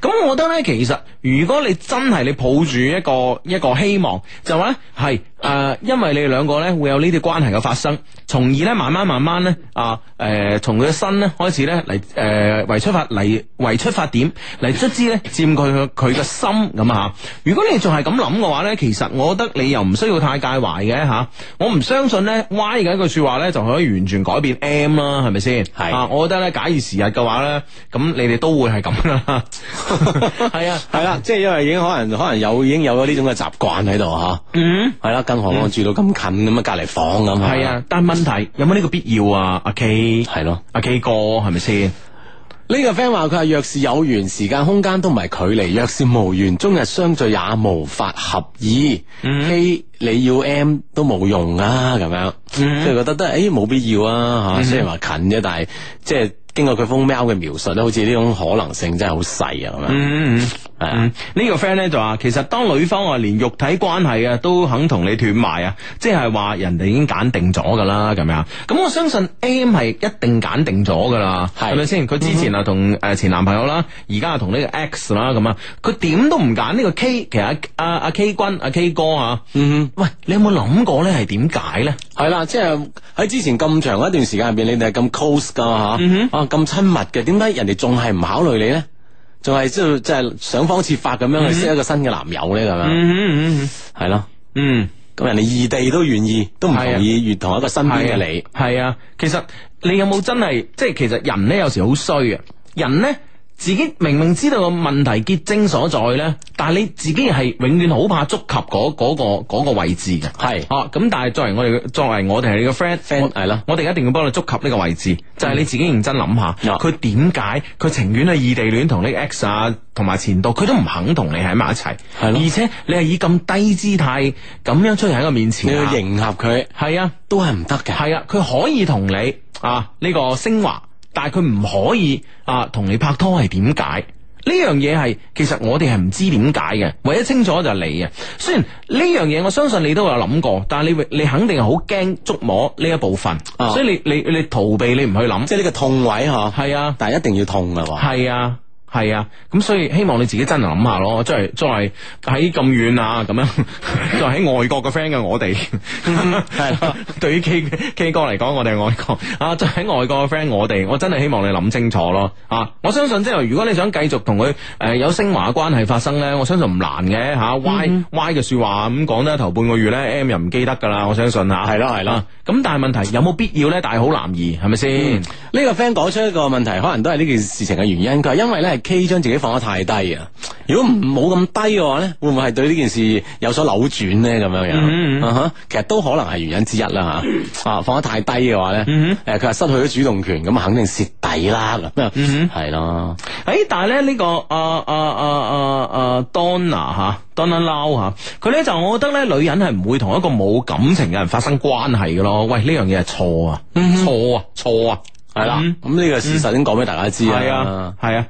咁、嗯、我覺得咧，其實如果你真係你抱住一個一個希望，就話咧係。誒，因為你哋兩個咧會有呢啲關係嘅發生，從而咧慢慢慢慢咧啊，誒，從佢嘅身咧開始咧嚟，誒，為出發嚟為出發點嚟卒之咧佔據佢佢嘅心咁吓，如果你仲係咁諗嘅話咧，其實我覺得你又唔需要太介懷嘅吓，我唔相信咧 Y 嘅一句說話咧就可以完全改變 M 啦，係咪先？係啊，我覺得咧假以時日嘅話咧，咁你哋都會係咁啦。係啊，係啦，即係因為已經可能可能有已經有咗呢種嘅習慣喺度吓，嗯，係啦。跟何安住到咁近咁啊，隔籬房咁係啊，但係問題有冇呢個必要啊？阿 K 係咯，啊，阿 K 哥係咪先？呢個 friend 話佢話若是有緣，時間空間都唔係距離；若是無緣，終日相聚也無法合意。K、嗯 hey, 你要 M 都冇用啊，咁樣即係、mm hmm. 覺得都誒冇必要啊，吓、mm hmm. 雖然話近啫，但係即係經過佢封 mail 嘅描述咧，好似呢種可能性真係好細啊咁樣。Mm hmm. 嗯，呢、這個 friend 咧就話，其實當女方啊連肉體關係啊都肯同你斷埋啊，即係話人哋已經揀定咗噶啦，係咪啊？咁我相信 M 係一定揀定咗噶啦，係咪先？佢之前啊同誒前男朋友啦，而家同呢個、A、X 啦咁啊，佢點都唔揀呢個 K，其實阿阿阿 K 君、阿 K 哥啊，嗯、啊。哼、啊。喂，你有冇諗過咧？係點解咧？係啦，即係喺之前咁長一段時間入邊，你哋係咁 close 噶吓，嗯、哼啊咁親密嘅，點解人哋仲係唔考慮你咧？仲係即係即係想方設法咁樣去識一個新嘅男友咧？咁樣係咯，嗯，咁人哋異地都願意，都唔同意越同一個身邊嘅你，係啊，啊，啊。其實你有冇真係即係？其實人咧有時好衰啊，人咧。自己明明知道個問題結晶所在咧，但係你自己係永遠好怕觸及、嗰個、嗰個位置嘅，係是，哦、啊，咁但係作為我哋，作為我哋係你個 friend，係啦 Friend,，我哋一定要幫你觸及呢個位置，就係、是、你自己認真諗下，佢點解佢情願去異地戀同呢個 ex 啊，同埋前度，佢都唔肯同你喺埋一齊，的而且你係以咁低姿態咁樣出現喺佢面前，你要迎合佢，係啊，的都係唔得嘅，係啊，佢可以同你啊呢個昇華。但係佢唔可以啊，同你拍拖係點解？呢樣嘢係其實我哋係唔知點解嘅，唯一清楚就係你啊。雖然呢樣嘢我相信你都有諗過，但係你你肯定係好驚捉摸呢一部分，啊，所以你你你，你逃避你唔去諗，即係呢個痛位吓，係啊，但係一定要痛噶，係啊。係啊，咁所以希望你自己真係諗下咯，即係再喺咁遠啊咁樣，作為喺外國嘅 friend 嘅我哋，係 對於 K K 哥嚟講，我哋係外國啊，即係喺外國嘅 friend，我哋我真係希望你諗清楚咯啊！我相信即係如果你想繼續同佢誒有升華嘅關係發生咧，我相信唔難嘅吓，YY 嘅說話咁講咧，頭半個月咧 M 又唔記得噶啦，我相信吓，係啦係啦，咁、啊啊啊嗯嗯、但係問題有冇必要咧大好男兒係咪先？呢、嗯這個 friend 講出一個問題，可能都係呢件事情嘅原因。佢話因為咧。K 將自己放得太低啊！如果唔冇咁低嘅話咧，會唔會係對呢件事有所扭轉咧？咁樣樣啊吓，hmm. uh、huh, 其實都可能係原因之一啦吓。啊，放得太低嘅話咧，誒、mm，佢、hmm. 話、啊、失去咗主動權，咁、這個呃呃呃呃、啊，肯定蝕底啦咁，係咯。誒，但係咧呢個啊啊啊啊啊 Donna 吓，Donna Lau 吓、啊，佢咧就我覺得咧，女人係唔會同一個冇感情嘅人發生關係嘅咯。喂，呢樣嘢係錯啊，錯啊，錯啊！係啦，咁呢、嗯、個事實已經講俾大家知啊，係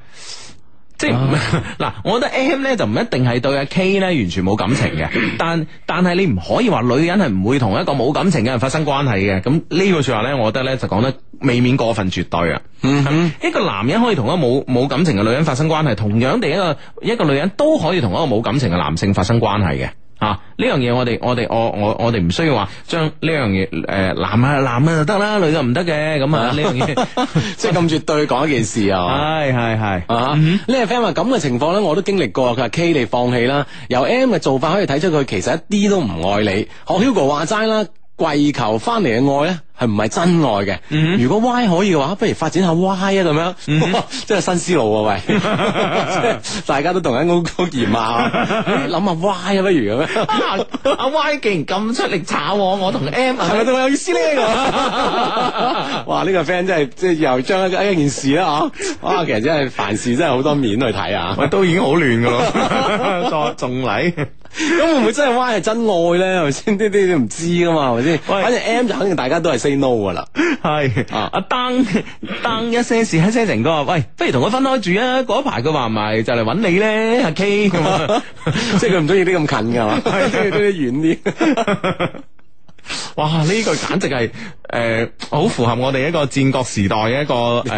即啊，即係嗱，我覺得 M 咧就唔一定係對阿 K 咧完全冇感情嘅，嗯，但但係你唔可以話女人係唔會同一個冇感情嘅人發生關係嘅，咁呢個說話咧，我覺得咧就講得未免過分絕對啊。一個男人可以同一個冇冇感情嘅女人發生關係，同樣地一個一個女人都可以同一個冇感情嘅男性發生關係嘅。啊！呢樣嘢，我哋我哋我我我哋唔需要話將呢樣嘢誒男啊男啊就得啦，女就唔得嘅。咁啊呢樣嘢即係咁絕對講一件事 啊！係係係啊！呢個 friend 話，咁嘅情況咧，我都經歷過。佢話 K 你放棄啦，由 M 嘅做法可以睇出佢其實一啲都唔愛你。學 Hugo 話齋啦，跪求翻嚟嘅愛咧，係唔係真愛嘅？嗯、如果 Y 可以嘅話，不如發展下 Y 啊，咁樣，即係、嗯、新思路啊。喂！即 係大家都同緊嗰嗰件嘛，諗下 Y 啊，不如咁樣？阿、啊啊、Y 竟然咁出力炒我，我同 M 係咪都有意思咧，這個？ 哇！呢、這個 friend 真係即係又將一一件事啦，啊，哇，其實真係凡事真係好多面去睇啊，喂，都已經好亂噶咯，再仲嚟咁會唔會真係 Y 係真愛咧？係咪先？呢啲都唔知噶嘛，係咪先？反正，反正 M 就肯定大家都係 s no 啊啦，係啊，阿丹，丹一些事，一些情，佢話喂，不如同佢分開住啊。嗰排佢話唔係就嚟揾你咧，阿 K，即係佢唔中意啲咁近噶嘛，係中意中意遠啲。哇，呢個簡直係誒，好符合我哋一個戰國時代嘅一個外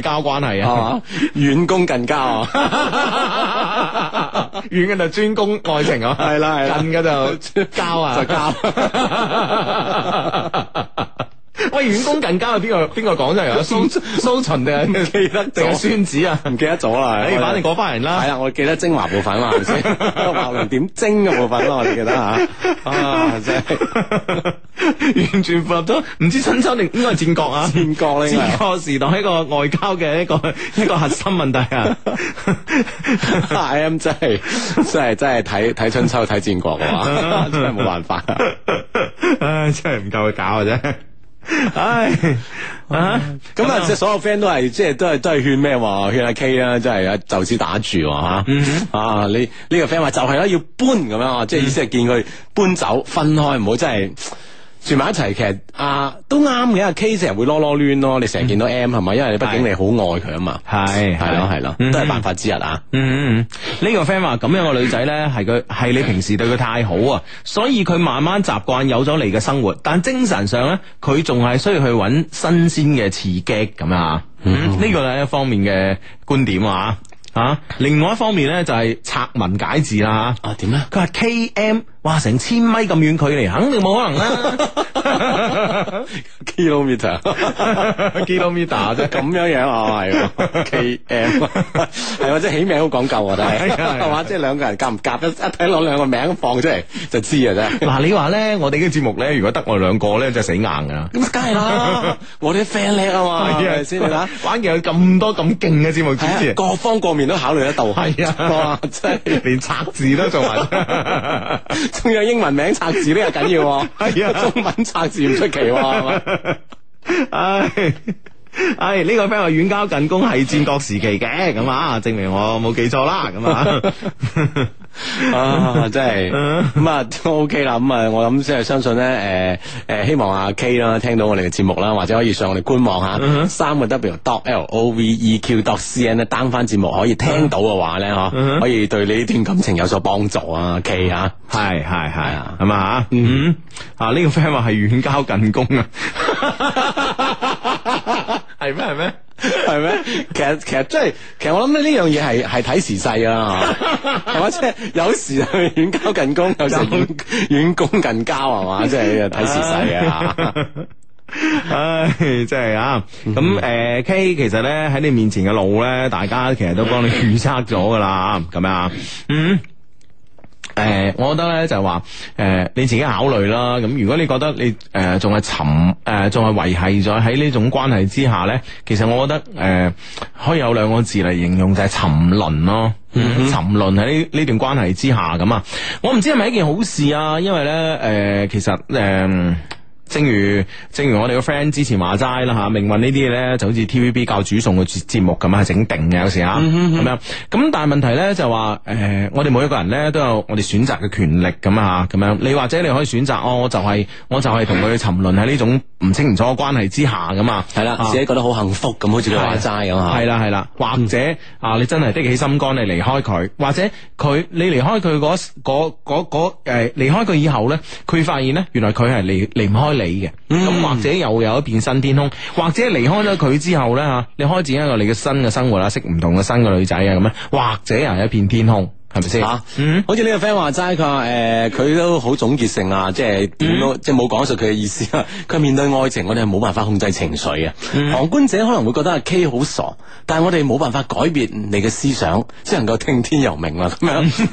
交關係啊，遠攻近交啊，遠嘅就專攻愛情啊，係啦係啦，近嘅就交啊，就交。喂，遠公更加啊！邊個邊個講出嚟啊？蘇蘇秦定係記得定係孫子啊？唔記得咗啦！哎就是、反正嗰班人啦、啊。係啊，我記得精華部分嘛、啊，先？話、 啊，畫龍點睛嘅部分咯，我哋記得嚇。啊，真係完全符合咗。唔知春秋定應該係戰國啊？戰國應該係。戰國時代喺個外交嘅一個一個核心問題啊！阿 M 真係真係真係睇睇春秋睇戰國嘅話，真係冇辦法。唉，真係唔夠搞嘅啫～唉、 哎，啊，咁啊，即係所有 friend 都係，即、就、係、是、都係都係勸咩話，勸阿、啊、K 啦，即係啊，就此打住吓。啊，呢呢、嗯哼啊呢個 friend 話就係啦，要搬咁樣，就是、啊，即係意思係見佢搬走分開，唔好真係。住埋一齊，其實阿、啊、都啱嘅，阿 K 成日會囉囉攣咯，嗯、你成日見到 M 係咪？因為你畢竟你好愛佢啊嘛。係係咯係咯，都係辦法之一啊。嗯嗯呢、呢個 friend 話咁樣個女仔咧，係佢係你平時對佢太好啊，所以佢慢慢習慣有咗你嘅生活，但精神上咧，佢仲係需要去揾新鮮嘅刺激咁啊。嗯，嗯，呢、嗯呢個咧一方面嘅觀點啊，啊，另外一方面咧就係拆文解字啦。啊，點咧、啊？佢話 K M。哇！成千米咁遠距離，肯定冇可能啦。 kilometer，kilometer， 即係咁樣樣係、啊啊、 K M，係或者起名好講究啊，真係係嘛？即係兩個人夾唔夾？一睇攞兩個名放出嚟就知啊！真係嗱，你話咧，我哋嘅節目咧，如果得我哋兩個咧，就係死硬噶、啊、啦。咁梗係啦，我哋 friend 叻啊嘛，係咪先？啊，反而有咁多咁勁嘅節目主持， 各方各面都考慮得到。係 啊，哇！真係 連拆字都做埋。仲有英文名拆字呢個緊要， 中文拆字唔出奇喎，唉。係呢、哎，這個 friend 話遠交近攻係戰國時期嘅，咁啊證明我冇記錯啦，咁啊真係咁啊、 嗯嗯、OK 啦，咁啊我諗即係相信咧，誒、嗯、誒希望阿 K 啦聽到我哋嘅節目啦，或者可以上我哋官網吓三個 W dot L O V E Q dot C N 咧 down 翻節目可以聽到嘅話咧，嗬、嗯 uh, 可以對你呢段感情有所幫助啊 K、嗯、啊，係係係啊，係嘛啊啊呢個 friend 話係遠交近攻啊。啊 係咩？係咩是？係 咩？其實其實真係，其實我諗呢呢樣嘢係係睇時勢啊，係嘛？ 即係有時去遠交近攻，有時遠遠攻近交啊嘛？即係睇時勢啊！唉，真係啊！咁誒，K 其實咧喺你面前嘅路咧，大家其實都幫你預測咗噶啦，咁樣。嗯誒、呃，我覺得咧就係、是、話，誒、呃、你自己考慮啦。咁如果你覺得你誒、呃、仲係沉，誒、呃、仲係維繫咗喺呢種關係之下咧，其實我覺得誒、呃、可以有兩個字嚟形容就係沉淪咯。嗯、哼沉淪喺呢呢段關係之下咁啊，我唔知係咪一件好事啊，因為咧誒、呃、其實誒。呃正如正如我哋個 friend 之前話齋啦吓，命運呢啲嘢咧就好似 TVB 教煮餸嘅節節目咁係整定嘅，有時啊，咁樣。咁但係問題咧就話誒，我哋每一個人咧都有我哋選擇嘅權力咁啊，咁樣。你或者你可以選擇哦，我就係我就係同佢沉淪喺呢種唔清唔楚嘅關係之下噶嘛。係啦，自己覺得好幸福咁，好似佢話齋咁啊。係啦，係啦，或者啊，你真係的起心肝，你離開佢，或者佢你離開佢嗰嗰誒離開佢以後咧，佢發現咧，原來佢係離離唔開你。俾嘅，咁、嗯、或者又有一片新天空，或者離開咗佢之後咧吓，你開展一個你嘅新嘅生活啦，識唔同嘅新嘅女仔啊咁樣，或者又一片天空。係咪先？是是啊、嗯，好似呢個 friend 話齋，佢話誒，佢、呃、都好總結性啊，即係點都、嗯、即係冇講述佢嘅意思。啊。佢面對愛情，我哋係冇辦法控制情緒啊。旁、嗯、觀者可能會覺得阿 K 好傻，但係我哋冇辦法改變你嘅思想，只能夠聽天由命啦，咁樣，即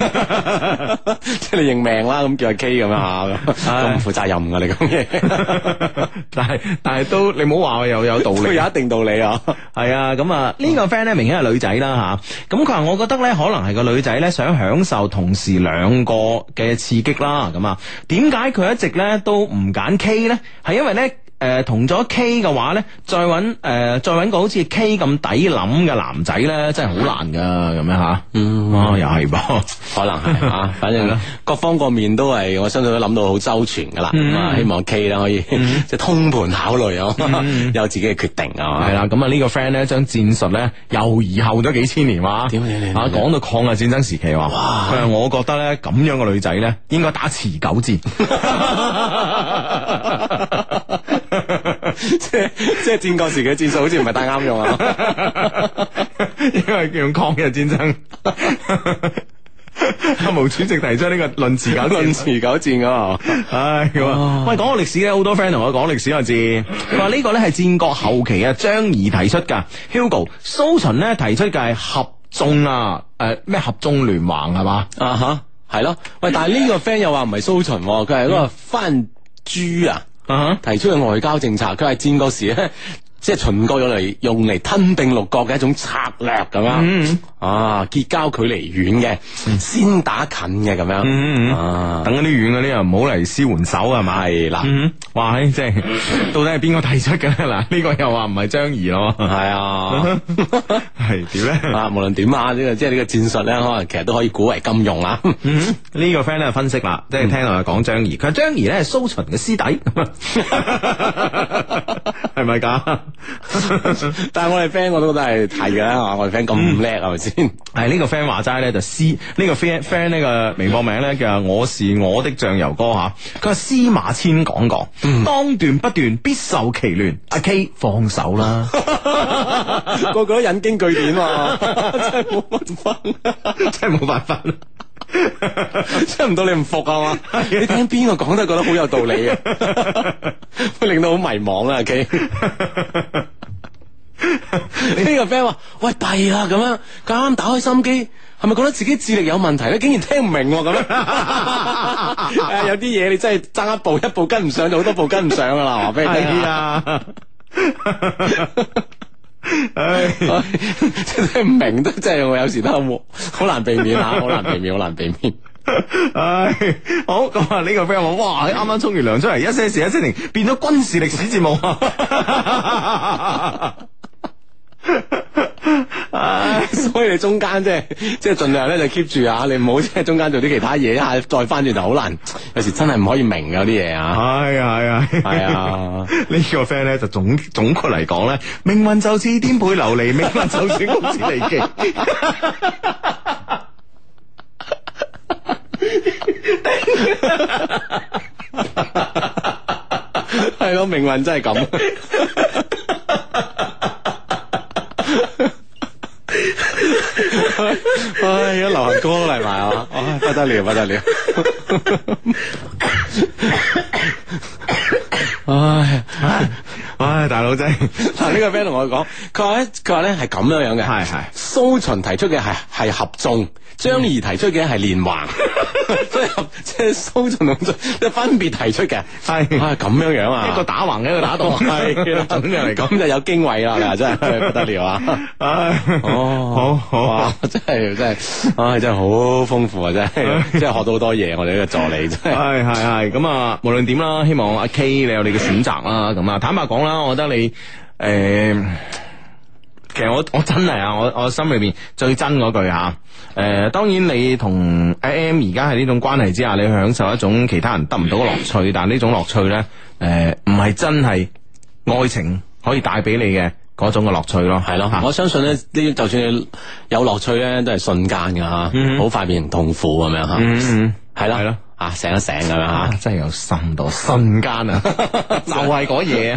係、嗯、 你認命啦，咁叫阿 K 咁樣吓，咁唔負責任噶你講嘢、哎呀。 但係但係都你唔好話我又有道理，都有一定道理 啊。係啊，咁啊，呢個 friend 咧明顯係女仔啦吓，咁佢話我覺得咧，可能係個女仔咧想。享受同時兩個嘅刺激啦，咁啊，點解佢一直咧都唔揀 K 呢？係因為咧。誒、呃，同咗 K 嘅話咧，再搵誒、呃，再搵個好似 K 咁抵諗嘅男仔咧，真係好難噶，咁樣吓。嗯，又係噃，啊、 可能係啊， 反正各方各面都係，我相信都諗到好周全噶啦、啊。希望 K 咧可以即係、嗯、 通盤考慮啊，有自己嘅決定啊。係啦、嗯，咁、嗯、啊、這個、呢個 friend 咧，將戰術咧又移後咗幾千年哇。點點點啊，講到抗日戰爭時期、啊、哇。哇，我覺得咧咁樣嘅女仔咧，應該打持久戰。 即係即係戰國時嘅戰術，好似唔係太啱用啊 因為用抗日戰爭。 阿毛主席提出呢個論持久論持久戰啊 苟、 哎，唉，咁啊。喂，講、啊、 個歷史咧，好多 friend 同我講歷史文字，佢話呢個咧係戰國後期啊張儀提出噶，Hugo 蘇秦咧提出嘅係合縱啊，誒、呃、咩合縱連橫係嘛啊吓，係咯、uh huh。喂，但係呢個 friend 又話唔係蘇秦，佢係嗰個翻豬啊。Uh huh. 提出嘅外交政策，佢係戰國時咧。 即係秦國用嚟用嚟吞併六國嘅一種策略咁樣，啊結交距離遠嘅，先打近嘅咁樣，啊等嗰啲遠嗰啲啊唔好嚟施援手係咪？嗱，哇！即係到底係邊個提出嘅咧？嗱，呢個又話唔係張儀咯，係啊，係點咧？啊，無論點啊，呢個即係呢個戰術咧，可能其實都可以古為今用啦。呢個 friend 咧分析啦，即係聽到佢講張儀，佢話張儀咧係蘇秦嘅師弟，係咪噶？ 但係我哋 friend 我都覺得係係嘅吓，我哋 friend 咁叻係咪先？係呢、嗯、 個 friend 話齋咧就司呢個 friend，friend 呢個微博名咧叫我是我的醬油哥吓，佢話、嗯、司馬遷講過，當斷不斷必受其亂。阿 K 放手啦， 個個都引經據典喎，真係冇 辦法，真係冇辦法。即係唔到你唔服啊嘛？你聽邊個講都覺得好有道理啊，會令到好迷茫啊！K 呢個 friend 話：喂，弊啊咁樣，啱啱打開心機，係咪覺得自己智力有問題咧？竟然聽唔明咁樣？有啲嘢你真係爭一步，一步跟唔上，就好多步跟唔上噶啦！話俾你聽啊。唉，唉真聽唔明得。真係，我有時都好難避免啊，好難避免，好、 啊、難避免。避免唉，好咁啊，呢個 friend 話，哇，啱啱沖完涼出嚟，一些事，一些情，變咗軍事歷史節目 唉，所以你中間即係即係盡量咧就 keep 住啊，你唔好即係中間做啲其他嘢，一下再翻轉就好難。有時真係唔可以明噶啲嘢啊！係啊係啊係啊！呢個 friend 咧就總總括嚟講咧，命運就似顛沛流離，命運就似公子危嘅。」係咯，命運真係咁。唉，而家流行歌都嚟埋啊！唉、哎，不得了，不得了。唉，唉，大佬仔，嗱呢個 friend 同我講，佢話咧，佢話咧係咁樣樣嘅，係係，蘇秦提出嘅係係合縱，張儀提出嘅係連橫，即係即係蘇秦同張，即係分別提出嘅，係，係咁樣樣啊，一個打橫，一個打縱，係，咁就嚟，咁就有經緯啦，你話真係，真係不得了啊，唉，哦，好好啊，真係真係，唉，真係好豐富啊，真係，真係學到好多嘢，我哋呢個助理真係，係係係，咁啊，無論點啦，希望阿 K 你有你。嘅選擇啦，咁啊，坦白講啦，我覺得你誒、呃，其實我我真係啊，我我心裏邊最憎嗰句嚇誒、呃，當然你同 AM 而家係呢種關係之下，你享受一種其他人得唔到嘅樂趣，但呢種樂趣咧誒，唔、呃、係真係愛情可以帶俾你嘅嗰種嘅樂趣咯，係咯嚇，啊、我相信咧，呢就算你有樂趣咧，都係瞬間嘅嚇，好、嗯嗯、快變成痛苦咁樣嚇，係啦。醒了醒了啊，醒一醒咁樣吓，真係有心到瞬間啊， 就係嗰嘢，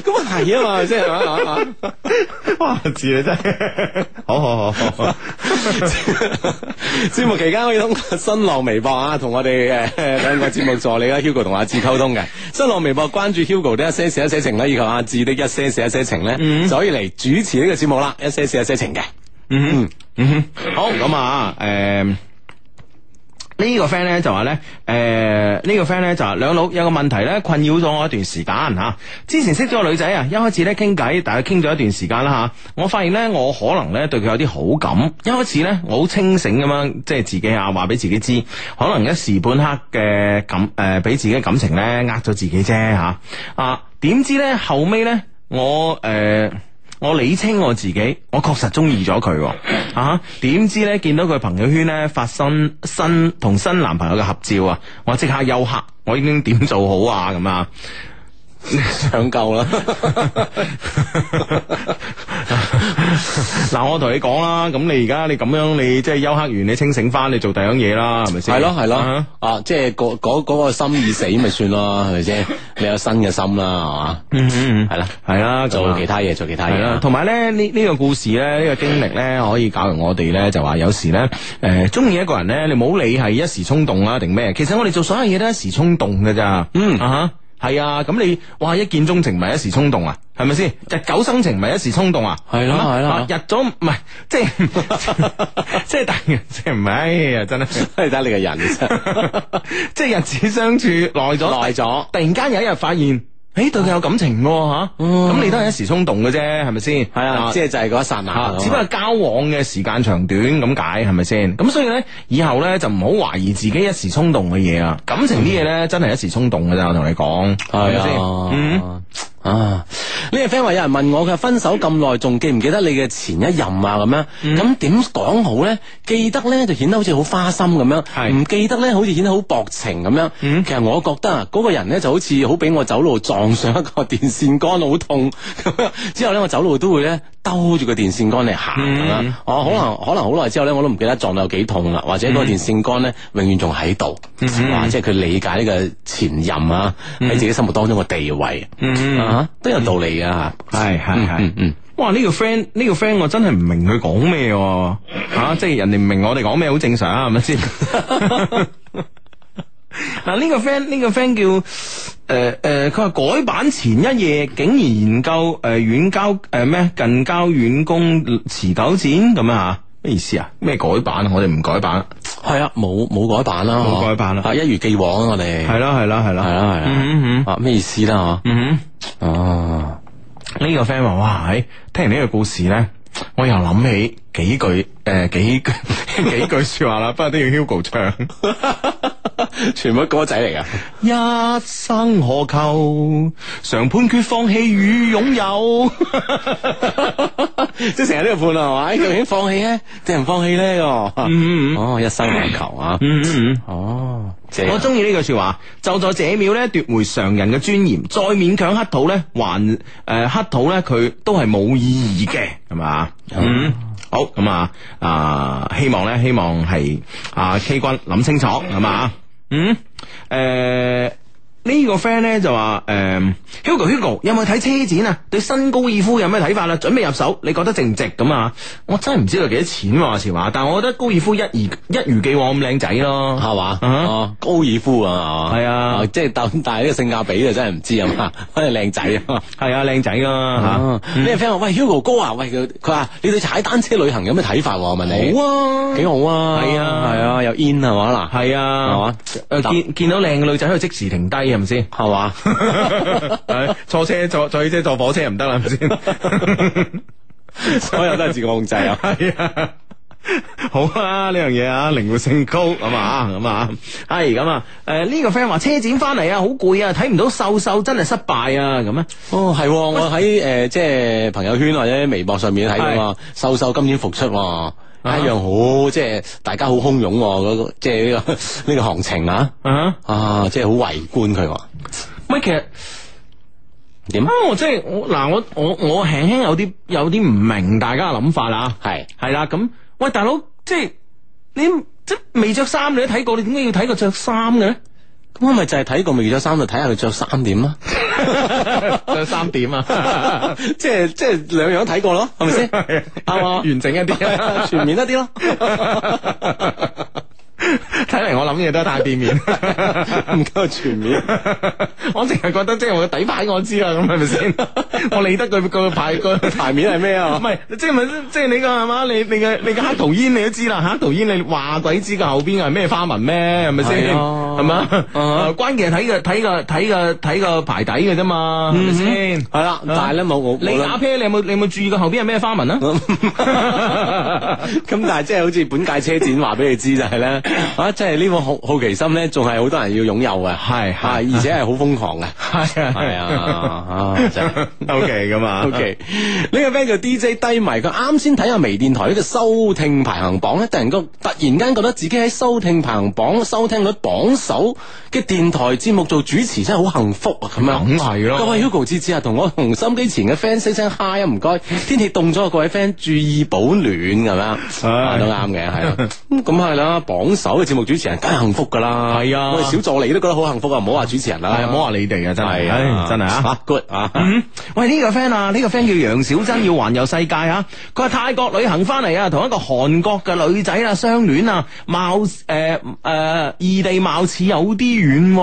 咁啊係啊嘛，即係嘛，阿志你真係 好好好好。節目期間可以通過新浪微博啊，同我哋誒兩個節目助理啊，Hugo 同阿志溝通嘅。新浪微博關注 Hugo 的一些事一些情咧，要求阿志的一些事一些情咧，就可以嚟主持呢個節目啦。一些事一些情嘅，嗯，嗯嗯，好咁啊，誒、 嗯。嗯 呢個 friend 咧就話咧，誒、呃、呢、這個 friend 咧就話兩老有個問題咧困擾咗我一段時間吓、啊。之前識咗個女仔啊，一開始咧傾偈，大概傾咗一段時間啦吓，我發現咧我可能咧對佢有啲好感。一開始咧我好清醒咁樣，即係自己啊話俾自己知，可能一時半刻嘅感誒，俾、呃、自己感情咧呃咗自己啫吓啊。點知咧後尾咧我誒、呃我理清我自己，我確實中意咗佢，吓、啊，點知咧見到佢朋友圈咧發生新同新男朋友嘅合照啊，我即刻休克，我應該點做好啊咁啊！搶 想救啦！嗱，我同你講啦，咁你而家你咁樣，你即係休克完，你清醒翻，你做第二樣嘢啦，係咪先？係咯，係咯，uh huh. 啊，即係嗰嗰個心已死，咪 算咯，係咪先？你有新嘅心啦，係嘛？嗯嗯 的，係啦，係啦，做其他嘢，做其他嘢啦。同埋咧，呢、這、呢個故事咧，呢、這個經歷咧，可以教完我哋咧， 就話有時咧，誒、呃，中意一個人咧，你唔好理係一時衝動呀，定咩？其實我哋做所有嘢都一時衝動㗎咋，嗯 係啊，咁你哇一見鍾情唔係一時衝動啊，係咪先，日久生情唔係一時衝動啊？係囉係囉，日咗唔係即係即係大人即係唔係啊？真係真係得你個人即係日子相處耐咗耐咗了，突然間有一日發現。誒，對佢有感情喎，吓、啊，咁、啊、你都係一時衝動嘅啫，係咪先？係啊，即係就係嗰一剎那，只不過交往嘅時間長短咁解，係咪先？咁、啊、所以咧，以後咧就唔好懷疑自己一時衝動嘅嘢喇，感情啲嘢咧真係一時衝動嘅咋，我同你講，係咪先？係係啊、嗯。啊！呢、呢個 friend 話有人問我，佢話分手咁耐，仲記唔記得你嘅前一任啊？咁樣咁點講好咧？記得咧就顯得好似好花心咁樣，唔是記得咧好似顯得好薄情咁樣。嗯、其實我覺得啊，嗰個人咧就好似好俾我走路撞上一個電線杆，好痛。 之後咧我走路都會咧。兜住個電線杆嚟行咁啦，我可能可能好耐之後咧，我都唔記得撞到有幾痛啦，或者嗰電線杆咧永遠仲喺度，或者佢理解呢個前任啊，喺自己心目當中嘅地位，啊，都有道理嘅。係係係，哇！呢個 friend 呢個 friend 我真係唔明佢講咩，啊！即係人哋唔明我哋講咩好正常啊，係咪先？嗱呢個 friend 呢、呢個 friend 叫誒誒，佢、呃、話、呃、改版前一夜竟然研究誒、呃、遠交誒咩、呃、近交遠攻持久戰咁啊吓咩意思啊？咩改版我哋唔改版，係啊冇冇改版啦，冇、啊、改版啦、哦啊，一如既往啊我哋係啦係啦係啦係啦係啊，啊咩意思啦嗬？哦，呢個 friend 話哇喺聽完呢個故事咧，我又諗起。幾句誒、呃，幾句幾句說話啦，不過都要 Hugo 唱， 全部歌仔嚟㗎。一生何求，常判決放棄與擁有，即係成日都要判啊，係咪？究竟放棄咧？點唔放棄咧？哦，一生何求啊？哦，我中意呢句說話， 就在這秒咧奪回常人嘅尊嚴，再勉強乞討咧，還誒乞討咧，佢、呃、都係冇意義嘅，係嘛？嗯。 好咁啊！啊、呃，希望咧，希望係啊、呃、，K 君諗清楚，咁啊， 吧嗯，誒、呃。呢個 friend 咧就話誒，Hugo Hugo 有冇睇車展啊？對新高爾夫有咩睇法啦？準備入手，你覺得值唔值咁啊？我真係唔知道幾多錢話時話，但係我覺得高爾夫一如一如既往咁靚仔咯，係嘛？高爾夫啊，係啊，即係但係呢個性價比啊，真係唔知啊嘛，反正靚仔啊，係啊，靚仔啊吓。呢個 friend 話喂，Hugo 哥啊，喂佢佢話你對踩單車旅行有咩睇法？我問你，好啊，幾好啊，係啊係啊，有 in 係嘛嗱，係啊係嘛，見見到靚嘅女仔可以即時停低啊。係咪先？係嘛， 坐，坐車坐坐車坐火車唔得啦，係咪先？所有都係自己控制啊！係啊，好啊，呢樣嘢啊，靈活性高啊嘛，咁 啊，係、這、咁、個、啊。誒，呢個 friend 話車展翻嚟啊，好攰啊，睇唔到瘦瘦真係失敗啊，咁、哦、啊。哦，係、 呃，我喺誒即係朋友圈或者微博上面睇到 啊，瘦瘦今年復出、啊。啊、一樣好，即係大家好洶湧嗰個，即係呢、這個呢、這個行情啊！Uh huh. 啊，即係好圍觀佢、呃是。喂，其實點？我即係我嗱，我我我輕輕有啲有啲唔明大家嘅諗法啦。係係啦，咁喂，大佬，即係你即未着衫，你都睇過，你點解要睇個着衫嘅咧？咁我咪就係睇過，咪咗三度睇下佢着三點啊，着三點啊，即係即係兩樣睇過咯，係咪先？啱啊 吧， 完整一啲 全面一啲咯。睇嚟我諗嘢都係太片面，唔夠全面。我淨係覺得即係我個底牌我知啦，咁係咪先？我理得佢個牌個牌面係咩啊？唔係，即係咪？即係你個係嘛？你你個你個黑桃煙你都知啦，黑桃煙你話鬼知個後邊係咩花紋咩？係咪先？係嘛？關鍵係睇個睇個睇個睇個牌底嘅啫嘛，係咪先？係啦，但係咧冇你打啤，你有冇你有冇注意個後邊係咩花紋啊？咁但係即係好似本屆車展話俾你知就係咧。啊！即係呢個好好奇心咧，仲係好多人要擁有嘅，係、啊、係，而且係好瘋狂嘅，係啊係啊，就 O K 咁啊，O K 呢個 friend 叫 D J 低迷。佢啱先睇下微電台呢個收聽排行榜咧，突然覺突然間覺得自己喺收聽排行榜收聽率榜首嘅電台節目做主持，真係好幸福啊！咁樣梗係咯。各位 Hugo 芝芝啊，同我同心機前嘅 friend 一聲 hi 啊，唔該 ki。天氣凍咗，各位 friend 注意保暖，咁樣都啱嘅，係咁係啦，榜首。我嘅節目主持人梗係幸福噶啦，係啊，我哋小助理都覺得好幸福啊！唔好話主持人啦，唔好話你哋啊，真係，唉，真係啊，good 啊，喂，呢個 friend 啊，呢個 friend 叫楊小珍，要環遊世界啊，佢話泰國旅行翻嚟啊，同一個韓國嘅女仔啊相戀啊，貌誒誒，異地貌似有啲遠，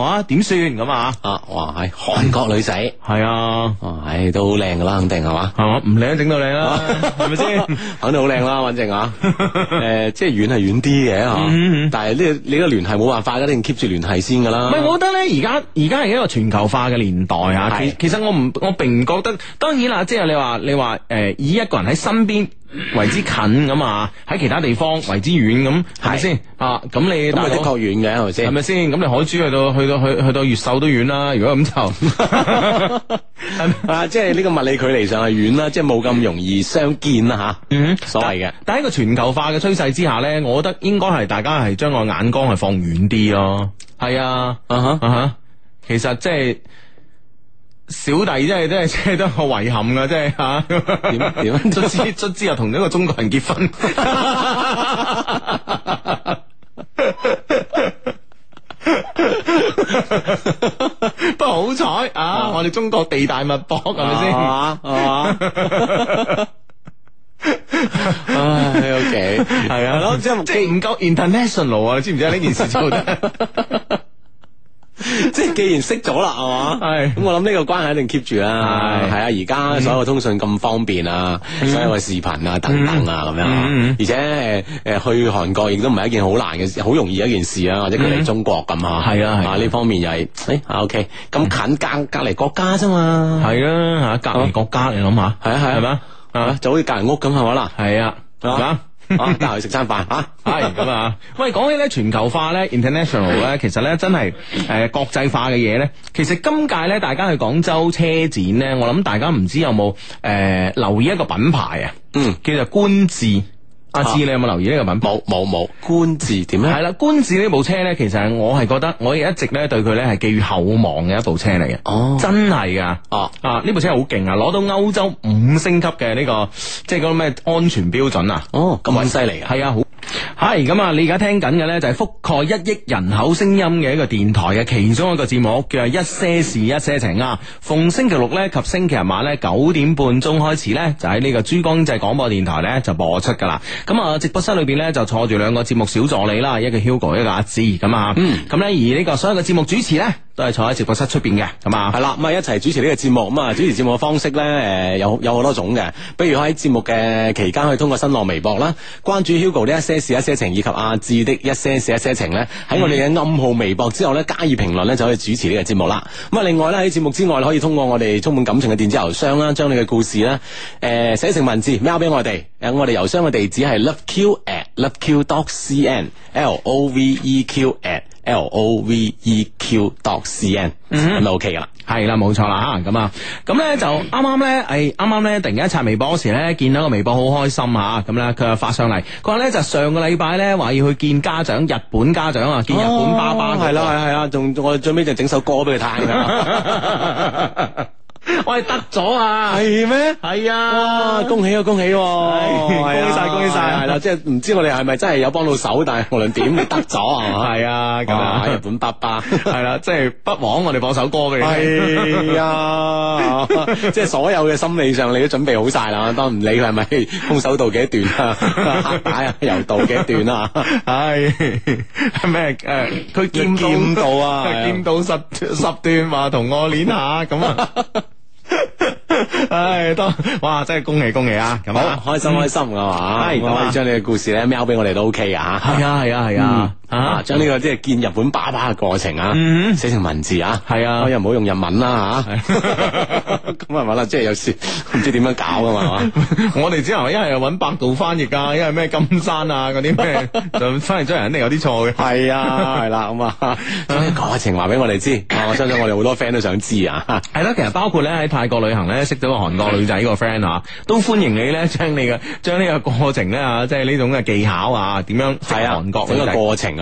啊，點算咁啊？啊，哇，係韓國女仔，係啊，係都好靚噶啦，肯定係嘛，係嘛，唔靚整到靚啊，係咪先？肯定好靚啦，反正啊，誒，即係遠係遠啲嘅。嗯，嗯，但係呢，你個聯繫冇辦法一定仲 keep 住聯繫先噶啦。唔係，我覺得咧，而家而家係一個全球化嘅年代吓是。其其實我唔，我並唔覺得。當然啦，即係你話，你話，誒，以一個人喺身邊。為之近咁啊，喺其他地方為之遠咁，係咪先啊？咁你都係的確遠嘅，係咪先？係咪先？咁你海珠去到去到去去到越秀都遠啦。如果咁就係啊，即係呢個物理距離上係遠啦，即係冇咁容易相見啦吓。啊、嗯哼，所謂嘅。但喺個全球化嘅趨勢之下咧，我覺得應該係大家係將個眼光係放遠啲咯。係啊，啊哈啊哈，huh. uh huh. 其實即、就、係、是。小弟真係真係真係都好遺憾㗎，真係吓點點卒之卒之又同一個中國人結婚，不過好彩啊！我哋中國地大物博，係咪先啊？唉，OK，係啊，即係即係唔夠 international 啊！你知唔知呢件事做得？ 即係既然識咗啦，係嘛，咁我諗呢個關係一定 keep 住啦。係啊，而家所有通訊咁方便啊，所有嘅視頻啊等等啊咁樣，而且誒誒去韓國亦都唔係一件好難嘅事，好容易一件事啊。或者佢嚟中國咁啊，係啊，啊呢方面又係誒，ok 咁近隔隔籬國家啫嘛，係啊吓隔籬國家你諗下，係啊係啊，係啊，就好似隔籬屋咁係咪啦，係啊。得去食餐飯吓，係咁啊！喂，講起咧全球化咧，international 咧、 呃，其實咧真係誒國際化嘅嘢，咧其實今屆咧大家去廣州車展咧，我諗大家唔知有冇誒、呃、留意一個品牌啊，嗯，叫做觀致。阿芝，啊啊、你有冇留意呢個品牌？冇冇冇，觀致點咧？係啦，觀致呢部車咧，其實我係覺得，我一直咧對佢咧係寄予厚望嘅一部車嚟嘅。哦，真係噶哦啊，呢、啊、部車好勁啊，攞到歐洲五星級嘅呢、這個，即係嗰個咩安全標準啊？哦，咁犀利，係置啊，好。係咁啊！Hi, 你而家聽緊嘅呢，就係覆蓋一億人口聲音嘅一個電台嘅其中一個節目，叫一些事一些情啊。逢星期六呢及星期日晚呢，九點半鐘開始呢，就喺呢個珠江經濟廣播電台呢就播出噶啦。咁啊，直播室裏邊呢，就坐住兩個節目小助理啦，一個 Hugo，一個阿志咁啊。嗯。咁咧，而呢個所有嘅節目主持呢。都係坐喺直播室出邊嘅，係嘛？係啦，咁啊一齊主持呢個節目。咁啊主持節目嘅方式咧，誒有有好多種嘅。比如喺節目嘅期間，可以通過新浪微博啦，關注 Hugo 呢一些事、一些情，以及阿志的一些事、一些情咧，喺我哋嘅暗號微博之後咧，加以評論咧就可以主持呢個節目啦。咁啊，另外咧喺節目之外，可以通過我哋充滿感情嘅電子郵箱啦，將你嘅故事咧，誒、呃、寫成文字喵俾我哋。誒我哋郵箱嘅地址係 loveq@loveq.cn，L-O-V-E-Q@。Love L O V E Q dot C N 咁、嗯、哼就 O K 噶啦，係啦冇錯啦吓，咁啊咁咧就啱啱咧，誒啱啱咧突然間刷微博時咧，見到個微博好開心吓，咁咧佢又發上嚟，佢話咧就上個禮拜咧話要去見家長，日本家長啊，見日本爸爸，係咯係啊係啊，仲我最尾就整首歌俾佢彈。 我係得咗啊！係咩？係啊！哇！恭喜啊！恭喜！恭喜晒！恭喜晒！係啦，即係唔知我哋係咪真係有幫到手，但係無論點，你得咗啊！係啊，咁啊，喺日本爸爸係啦，即係不枉我哋放首歌俾你。係啊，即係所有嘅心理上，你都準備好晒啦，當唔理係咪空手道幾段啊，打啊柔道幾段啊，唉，咩誒？佢見到啊，見到十十段話同我練下咁啊。唉，當哇，真係恭喜恭喜啊！咁好，啊、開心，嗯、開心啊嘛，係唉、嗯、可以將你嘅故事咧喵俾我哋都 OK 啊吓，係啊係啊係啊。嗯啊！將呢、啊這個即係、就是、見日本爸爸嘅過程啊，寫、嗯、成文字啊，係啊，啊，又唔好用日文啦吓。咁啊，咪啦、啊，即係、 就是、有時唔知點樣搞啊嘛。 我哋只能一係搵百度翻譯啊，一係咩金山啊嗰啲咩，就翻譯出嚟肯定有啲錯嘅。係 啊，係啦，咁啊，將啲、啊、過程話俾我哋知 我相信我哋好多 friend 都想知啊。係咯， 其實包括咧喺泰國旅行咧，識到個韓國女仔呢個 friend 啊，都歡迎你咧，將你嘅將呢個過程咧啊，即係呢種嘅技巧啊，點樣識韓國女仔嘅、啊、過程、啊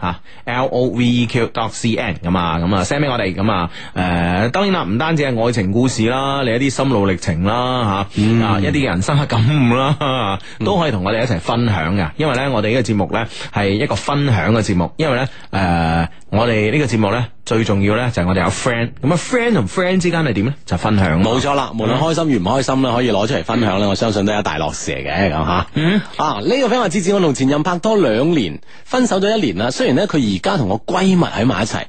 吓，l o v e q. dot c n 咁啊，咁啊 send 俾我哋，咁啊，誒、呃，當然啦，唔單止係愛情故事啦，你一啲心路歷程啦，吓啊，嗯、一啲嘅人生嘅感悟啦，都可以同我哋一齊分享噶。因為咧，我哋呢個節目咧係一個分享嘅節目。因為咧，誒、呃，我哋呢個節目咧最重要咧就係我哋有 friend。咁啊，friend 同 friend 之間係點咧？就分享。冇錯啦，無論開心與唔開心啦，嗯、可以攞出嚟，分享咧，我相信都係一大樂事嚟嘅咁吓。嗯，啊，呢、這個講話指指我同前任拍拖兩年，分手咗一年。嗱，雖然咧佢而家同我閨蜜喺埋一齊，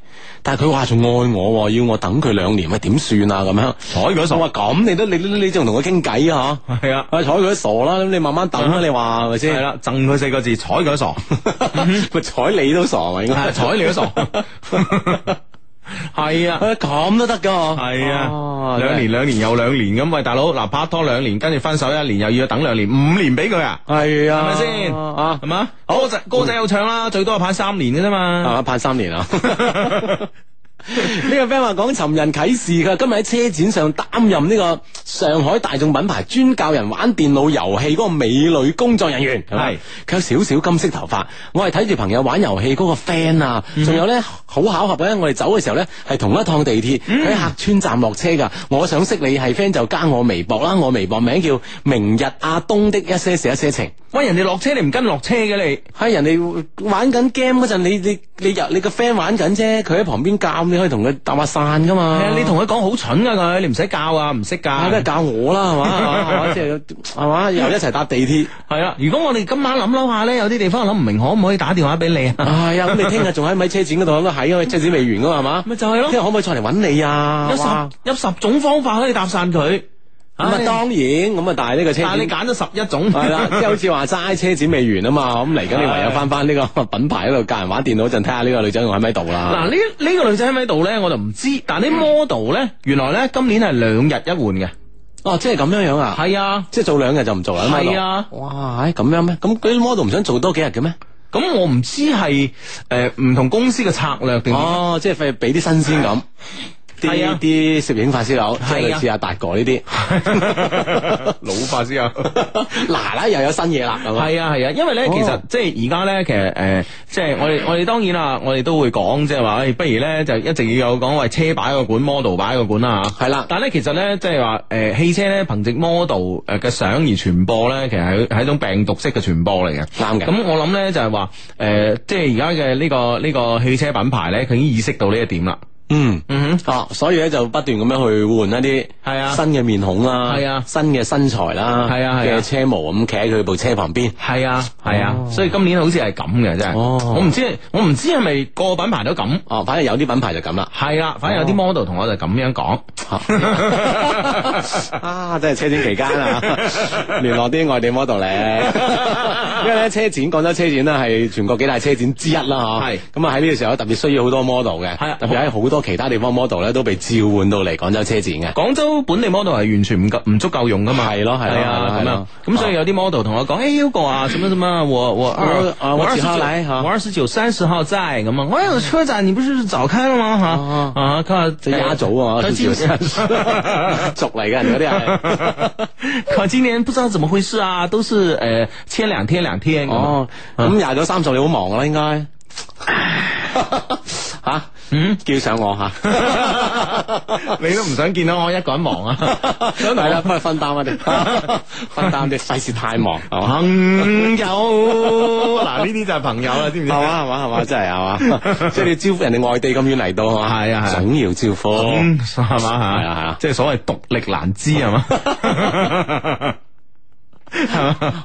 但係佢話仲愛我喎，要我等佢兩年，咪點算啊？咁樣，睬佢傻啊！咁你都你你仲同佢傾偈啊？嗬，係啊，睬佢傻啦，咁你慢慢等啦，嗯、你話係咪先？係啦，贈佢、啊、四個字，睬佢傻，咪 睬 你都傻咪應該，睬你都傻。 係啊，咁都得噶，係啊，兩、啊啊、年兩年又兩年咁，喂，大佬嗱拍拖兩年，跟住分手一年，又要等兩年，五年俾佢啊，係啊，係咪先啊？係嘛，啊、歌仔歌仔又唱啦，喂最多係拍三年嘅啫嘛，係嘛、啊，拍三年啊。 呢 個 friend 話講尋人啟事噶，今日喺車展上擔任呢個上海大眾品牌專教人玩電腦遊戲嗰個美女工作人員係，佢 有少少金色頭髮。我係睇住朋友玩遊戲嗰個 friend 啊，仲有呢，好巧合咧，我哋走嘅時候呢，係同一趟地鐵喺客村站落車噶。我想識你係 friend 就加我微博啦，我微博名叫明日阿東的一些事一些情。喂，人哋落車你唔跟落車嘅你，係 人哋玩緊 game 嗰陣，你你你你個 friend 玩緊啫，佢喺旁邊教。你可以同佢搭下訕噶嘛？你同佢講好蠢噶佢，你唔使教啊，唔識噶，梗係的教我啦，係嘛？即係係嘛？又一齊搭地鐵，係啊的。如果我哋今晚諗諗下咧，有啲地方諗唔明，可唔可以打電話俾你啊？係啊， 咁你聽日仲喺唔喺車展嗰度？都喺啊，因為車展未完噶嘛，係嘛？咪就係咯。聽日可唔可以再嚟揾你啊？ 哇有十有十種方法可以搭訕佢。咁啊，哎、當然，咁啊，但係呢個車，但你揀咗十一種，係啦， 即係好似話齋車展未完啊嘛，咁嚟緊，咁你唯有翻翻呢個品牌喺度 教人玩電腦，一陣睇下呢個女仔仲喺唔喺度啦。嗱，呢呢、呢個女仔喺唔喺度咧，我就唔知。但啲 model 咧，嗯、原來咧今年係兩日一換嘅。哦，即係咁樣樣啊？係啊，即係、啊啊、做兩日就唔做啦。係啊，哇，咁、哎、樣咩？咁嗰啲 model 唔想做多幾日嘅咩？咁我唔知係誒唔同公司嘅策略定？哦、啊，即係費俾啲新鮮感。 啲啲攝影發燒友，即係、啊、類似阿達哥呢啲老發燒友，嗱嗱又有新嘢啦，係啊係啊，因為咧、哦、其實即係而家咧其實誒、呃，即係我哋我哋當然啊，我哋都會講即係話誒，不如咧就一直要有講喂車擺個管 model 擺個管啊，係啦、啊。但係咧其實咧即係話誒汽車咧憑藉 model 誒嘅相而傳播咧，其實係係一種病毒式嘅傳播嚟嘅，啱嘅的。咁我諗咧就係話誒，即係而家嘅呢個呢、呢個汽車品牌咧，佢已經意識到呢一點啦。嗯嗯哼，啊，所以咧就不斷咁樣去換一啲係啊新嘅面孔啦，係啊新嘅身材啦，係啊嘅車模咁企喺佢部車旁邊，係啊係啊，所以今年好似係咁嘅真係，我唔知我唔知係咪個品牌都咁，反正有啲品牌就咁啦，係啦，反正有啲 model 同我就咁樣講，啊，即係車展期間啊，聯絡啲外地 model 咧，因為咧車展廣州車展呢，係全國幾大車展之一啦，嚇，係，咁啊喺呢個時候特別需要好多 model 嘅，係，特別喺好多。其他地方 model 咧都被召喚到嚟廣州車展嘅，廣州本地 model 係完全唔夠唔足夠用噶嘛？係咯，係啊，咁啊，咁所以有啲 model 同我講，哎，Hugo 啊，什麼什麼，我我我我二十號來我二十九、三十號在咁嘛？哎呀，車展你不是早開了嘛？哈啊，靠，家早啊，是叫家族嚟嘅嗰啲，靠，今年不知道怎麼回事啊，都是誒，簽兩天兩天哦，咁廿九、三十你好忙啦，應該。吓，嗯，叫上我吓，你都唔想見到我一個人忙啊，係啦，不如分擔啊。啲，分擔啲，世事太忙。朋友，嗱呢啲就係朋友啦，知唔知？係嘛，係嘛，係嘛，真係係嘛，即係你招呼人哋外地咁遠嚟到，係啊，總要招呼，係嘛，係啊，係啊，即係所謂獨力難支，係嘛。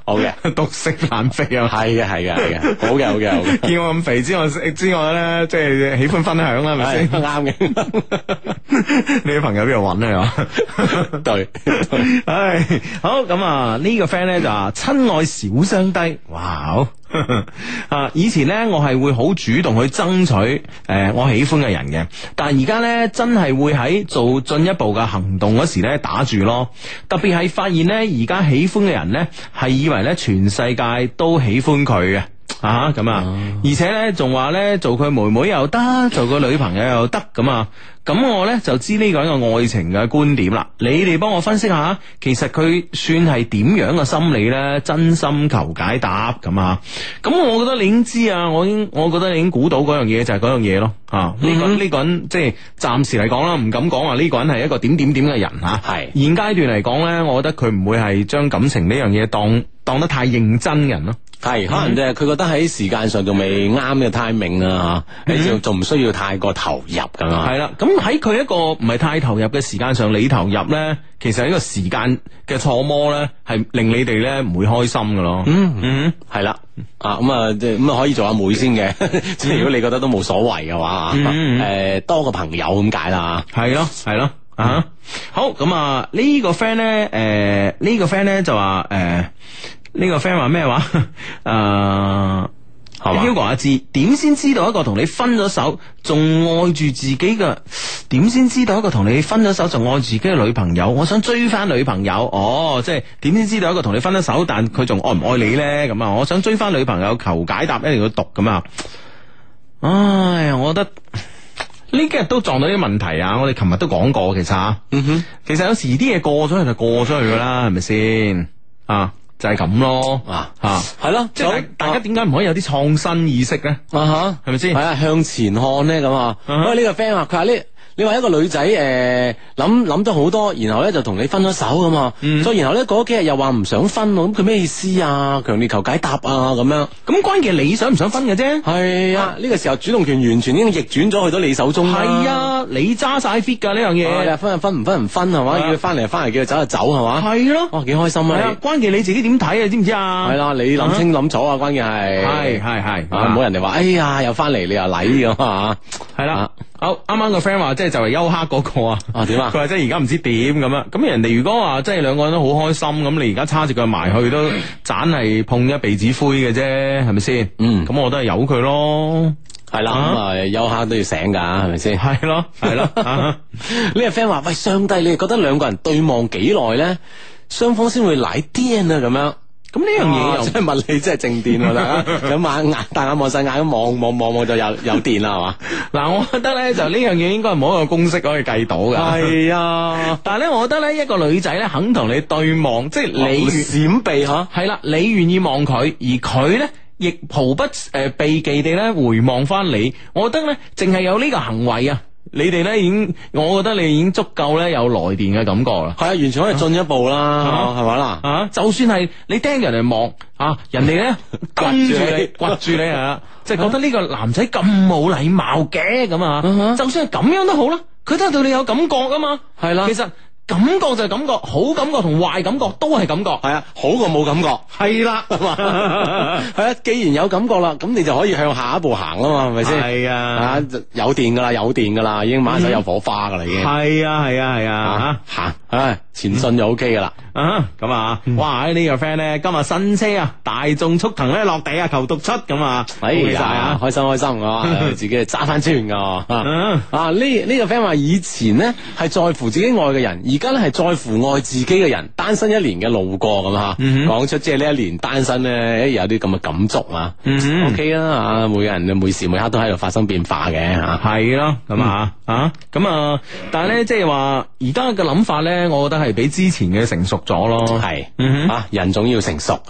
好嘅的，獨食 難肥啊！係嘅，係嘅，係嘅。好嘅，好嘅，好嘅。 見我咁肥之外，之外咧，即係喜歡分享啦，係咪先啱嘅？ 你啲朋友邊度揾啊？對，唉， 好咁啊！這個、呢個 friend 咧就話，親愛小兄低」。哇！啊！ 以前呢，我係會好主動去爭取誒，我喜歡嘅人嘅，但係而家呢，真係會喺做進一步嘅行動嗰時呢打住咯。特別係發現呢，而家喜歡嘅人呢，係以為呢全世界都喜歡佢嘅。啊咁啊！啊而且咧，仲話咧做佢妹妹又得，做佢女朋友又得咁啊！咁我咧就知呢個人嘅愛情嘅觀點啦。你哋幫我分析下，其實佢算係點樣嘅心理咧？真心求解答咁啊！咁我覺得你已經知啊，我已經我覺得你已經估到嗰樣嘢就係嗰樣嘢咯啊！呢個呢個人即係暫時嚟講啦，唔敢講話呢個人係一個點點點嘅人吓。係是現階段嚟講咧，我覺得佢唔會係將感情呢樣嘢當當得太認真人咯。係，可能就佢覺得喺時間上仲未啱嘅 timing 啊，吓、嗯，就仲唔需要太過投入咁啊。係啦，咁喺佢一個唔係太投入嘅時間上，你投入咧，其實呢個時間嘅錯摸咧，係令你哋咧唔會開心噶咯、嗯。嗯嗯，係啦，啊咁啊，咁啊可以做阿妹，妹先嘅，即係 如果你覺得都冇所謂嘅話，誒、嗯、多個朋友咁解啦。係咯，係咯，啊、嗯、好，咁啊、這個、呢、呃這個 friend 咧，誒呢個 friend 咧就話誒。呢個 friend 話咩話？誒、 uh, 吧，英國阿志點先知道一個同你分咗手，仲愛住自己嘅？點先知道一個同你分咗手，仲愛自己嘅女朋友？我想追翻女朋友，哦、oh,，即係點先知道一個同你分咗手，但佢仲愛唔愛你呢？咁啊，我想追翻女朋友，求解答一定要讀咁啊！唉，我覺得呢幾日都撞到啲問題啊！我哋琴日都講過，其實啊，哼、mm，hmm。其實有時啲嘢過咗去就過咗去噶啦，係咪先啊？就係咁咯，啊吓，係咯，即係大家點解唔可以有啲創新意識咧？啊吓哈，係咪先？係啊哈，向前看咧咁啊哈！喂，呢個 friend 啊，佢話呢。你話一個女仔誒諗諗咗好多，然後咧就同你分咗手噶嘛，所以然後咧嗰幾日又話唔想分，咁佢咩意思啊？強烈求解答啊！咁樣咁關鍵你想唔想分嘅啫？係啊，呢個時候主動權完全已經逆轉咗去到你手中。係啊，你揸晒 fit 噶呢樣嘢。係啊，分就分，唔分唔分係嘛？叫佢翻嚟就翻嚟，叫佢走就走係嘛？係咯，哇，幾開心啊！關鍵你自己點睇啊？知唔知啊？係啦，你諗清諗楚啊！關鍵係係係係，冇人哋話哎呀又翻嚟你又禮咁啊，係啦。好，啱啱個 friend 話即係就係休克嗰個啊！哦，點啊？佢話即係而家唔知點咁樣，咁人哋如果話即係兩個人都好開心咁，你而家叉住佢埋去都，盞係碰一鼻子灰嘅啫，係咪先？嗯，咁我都係由佢咯，係啦，咁啊休克都要醒噶，係咪先？係咯，係咯。呢個 friend 話，喂上帝，你哋覺得兩個人對望幾耐咧，雙方先會奶癲啊？咁樣。咁呢樣嘢，即係物理，即係靜電啦。咁眼眼大眼望細眼咁望望望望，望，望，就有有電啦，係嘛、ok？嗱，我覺得咧，就呢樣嘢應該係冇一個公式可以計到嘅。係啊，但係咧，我覺得咧，一個女仔咧肯同你對望，即係你閃避吓，係啦，你願意望佢，而佢咧亦毫不誒避忌地咧回望翻你。我覺得咧，淨係有呢個行為啊。你哋咧已經，我覺得你已經足夠咧有來電嘅感覺啦。係啊，完全可以進一步啦，係咪啊啦吧，啊？啊，就算係你盯人哋望啊，人哋咧跟住你，跟住你啊，即係覺得呢個男仔咁冇禮貌嘅咁啊。就算係咁樣都好啦，佢都係對你有感覺噶嘛。係啦，其實。感覺就係感覺，好感覺同壞感覺都係感覺。係啊，好過冇感覺。係啦、啊，係是吧 啊，既然有感覺啦，咁你就可以向下一步行啊嘛，係咪先？係啊，有電噶啦，有電噶啦，已經買手有火花噶啦，已經。係啊，係啊，係啊，吓、啊啊、行，唉、啊，前進就 OK 噶啦。嗯咁啊，哇！呢個 friend 咧今日新車啊，大眾速騰咧落地啊，求獨出咁啊，恭喜晒啊，開心開心個，自己係揸翻轉個，啊呢呢個 friend 話以前呢，係在乎自己愛嘅人，而家咧係在乎愛自己嘅人，單身一年嘅路過咁吓，講出即係呢一年單身咧，有啲咁嘅感觸啊，OK 啦，每個人每時每刻都喺度發生變化嘅吓，係咯，咁啊啊咁啊，但係咧即係話而家嘅諗法咧，我覺得係比之前嘅成熟。咗咯，係，啊人總要成熟，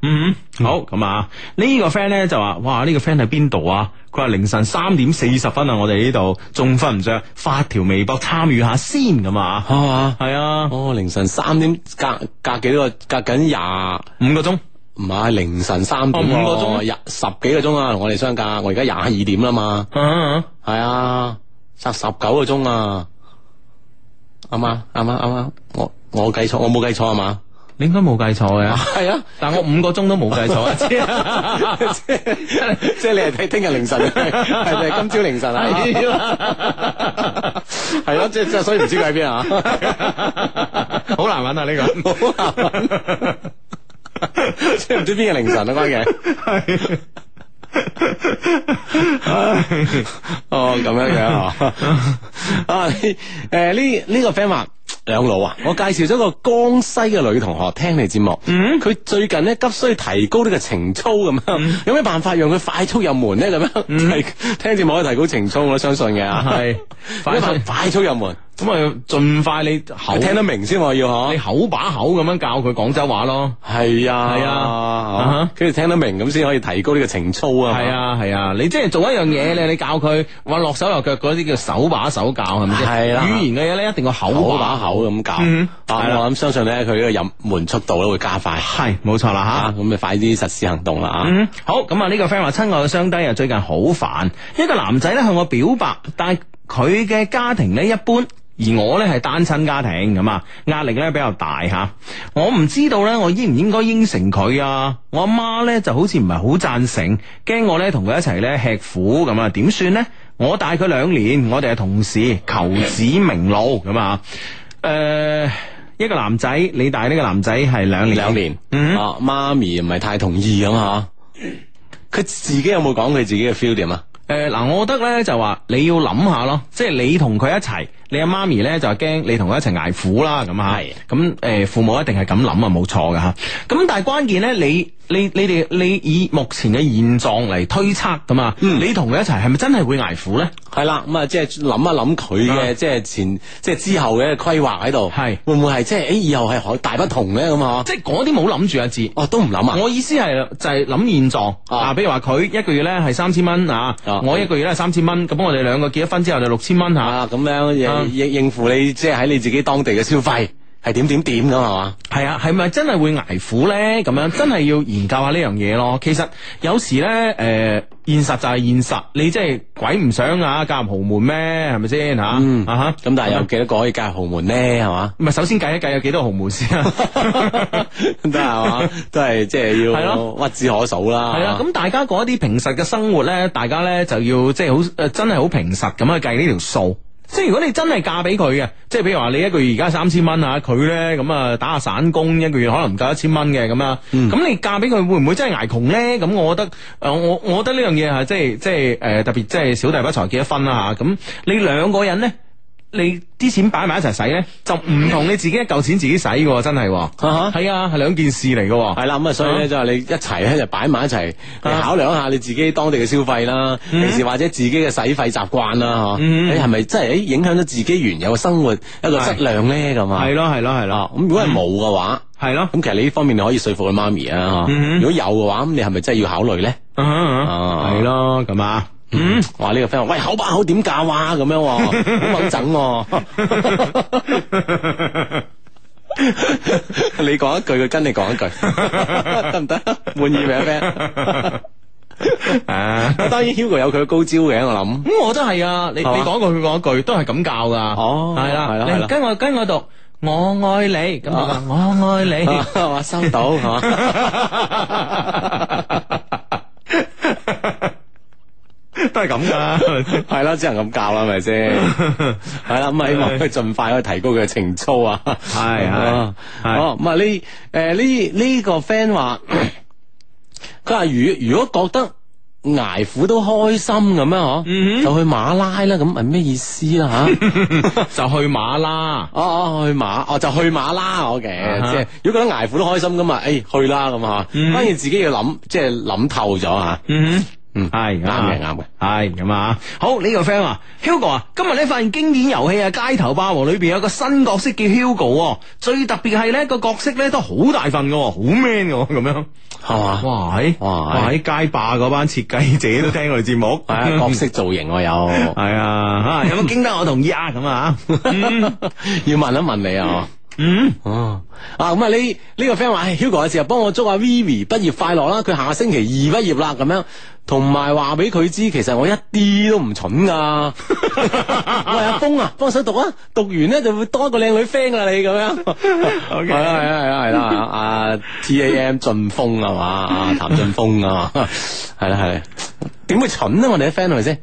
嗯，好咁啊，呢個 friend 咧就話，哇呢個 friend 喺邊度啊？佢話凌晨三點四十分啊，我哋呢度仲瞓唔着，發條微博參與下先咁啊，係啊，哦凌晨三點隔隔幾個隔緊廿五個鐘，唔係凌晨三點喎，五個鐘，廿十幾個鐘啊，我哋相隔，我而家廿二點啦嘛，係啊，差十九個鐘啊，啱啊啱啊啱啊，我。我計錯，我冇計錯啊嘛？你應該冇計錯嘅，係啊。但我五個鐘都冇計錯，即係即係你係睇聽日凌晨，係定今朝凌晨啊？係咯，即係即係，所以唔知佢喺邊啊？好難搵啊呢個，好難搵，即係唔知邊個凌晨啊？關鍵係哦咁樣樣啊！誒，呢呢個 friend 話。兩老啊！我介紹咗個江西嘅女同學聽你節目，嗯，佢最近咧急需提高呢個情操咁，嗯，樣，有咩辦法讓佢快速入門咧？咁樣，嗯， 係聽節目可以提高情操，我相信嘅啊，係快是 快速入門。咁啊，盡快你口聽得明先，我要你口把口咁樣教佢廣州話咯。係啊，係啊，跟住聽得明咁先可以提高呢個情操啊。係啊，係啊，你即係做一樣嘢咧，你教佢話落手落腳嗰啲叫手把手教係咪先？係啊，語言嘅嘢咧，一定要口把口咁教。但係，我諗相信咧，佢呢個入門速度咧會加快。係，冇錯啦嚇。咁你快啲實施行動啦嚇。好。咁啊，呢個 friend 話親愛嘅雙低啊，最近好煩。一個男仔咧向我表白，但係佢嘅家庭咧一般。而我呢係單親家庭，咁啊，壓力呢比較大吓。我唔知道呢，我應唔應該應承佢啊？我阿媽呢就好似唔係好贊成，驚我呢同佢一齊呢吃苦咁啊？點算呢？我帶佢兩年，我哋係同事求子明路咁啊。誒、呃，一個男仔，你帶呢個男仔係兩年兩年，嗯、啊？媽咪唔係太同意咁啊？佢自己有冇講佢自己嘅 feel 點啊？呃？誒，嗱，我覺得呢就話你要諗下咯，即係你同佢一齊。你阿媽咪咧就驚你同佢一齊捱苦啦，咁嚇。咁誒係、嗯、父母一定係咁諗啊，冇錯㗎嚇。咁但係關鍵咧你。你你哋你以目前嘅現狀嚟推測咁啊，你同佢一齊係咪真係會捱苦咧？係啦，咁啊，即係諗一諗佢嘅即係前即係之後嘅規劃喺度，係會唔會係即係誒以後係可大不同咧？咁啊，即係啲冇諗住一字，哦都唔諗啊！我意思係就係諗現狀啊，比如話佢一個月咧係三千蚊啊，我一個月咧係三千蚊，咁我哋兩個結咗婚之後就六千蚊吓，咁樣應應應付你即係喺你自己當地嘅消費。係點點點㗎係嘛？係啊，係咪真係會捱苦咧？咁樣真係要研究下呢樣嘢咯。其實有時咧，誒、呃，現實就係現實，你即係鬼唔想啊，嫁入豪門咩？係咪先吓？嗯、啊哈！咁但係有幾多個可以嫁入豪門咧？係嘛？唔係首先計一計有幾多豪門先得係嘛？都係即係要屈指可數啦。係 啊！咁大家過一啲平實嘅生活咧，大家咧就要即係好誒，真係好平實咁去計呢條數。即係如果你真係嫁俾佢啊，即係譬如話你一個月而家三千蚊啊，佢咧咁啊打下散工，一個月可能唔夠一千蚊嘅咁啊，咁、嗯、你嫁俾佢會唔會真係捱窮咧？咁我覺得，誒、呃，我我覺得呢樣嘢吓，即係即係誒、呃，特別即係小弟不才結咗婚啦吓，咁、嗯、你兩個人咧。你啲錢擺埋一齊使咧，就唔同你自己一嚿錢自己使嘅，真係，係啊，係兩件事嚟嘅，係啦，咁啊，所以咧就係你一齊咧就擺埋一齊嚟考量一下你自己當地嘅消費啦，平時或者自己嘅使費習慣啦，吓，你係咪真係影響咗自己原有嘅生活一個質量咧？咁啊，係咯，係咯，係咯，咁如果係冇嘅話，係咯，咁其實你呢方面你可以說服佢媽咪啊，吓，如果有嘅話，咁你係咪真係要考慮咧？啊，係咯，咁啊。嗯，哇！呢個 friend 喂，口把口點教啊？咁樣好掹整，你講一句，佢跟你講一句，得唔得？滿意未 friend，啊，當然 Hugo 有佢高招嘅，我諗。咁我都係啊，你你講句，佢講一句，都係咁教噶。哦，係啦，係啦，係啦，跟我跟我讀，我愛你，咁啊，我愛你，係嘛，收到，係嘛。都係咁噶，係啦，只能咁教啦，係咪先？係啦，咁咪希望佢盡快可以提高佢嘅情操啊！係啊，好咁啊，你誒，呢呢個 friend 話，佢話如如果覺得挨苦都開心咁啊，嗬，就去馬拉啦，咁係咩意思啦？吓，就去馬拉，哦哦，去馬哦，就去馬拉我嘅，即係如果覺得挨苦都開心咁啊，誒，去啦咁啊，反而自己要諗，即係諗透咗啊，嗯嗯，係啱嘅，啱嘅，係咁啊。好，呢個 friend 話 Hugo 啊，今日咧發現經典遊戲啊，街頭霸王裏邊有個新角色叫 Hugo。哦，最特別係咧個角色咧都好大份嘅，好 man 嘅咁樣，係嘛。啊啊，哇，喺街霸嗰班設計者都聽我哋節目係角色造型。啊，有係啊 有冇經得我同意啊？咁啊 要問一問，問你 啊，嗯，啊，咁啊，呢呢個 friend 話 Hugo 啊，成日幫我祝阿 Vivi 畢業快樂啦，佢下個星期二畢業啦咁樣。同埋話俾佢知，其實我一啲都唔蠢噶。喂，阿峰啊，幫我手讀啊，讀完咧就會多一個靚女 friend 啦，你咁樣。OK，係啊，係啊，係啦，阿 TAM 俊峰呀嘛，阿譚俊峰啊，係啦，係。點會蠢呢？我哋啲 friend 係咪先？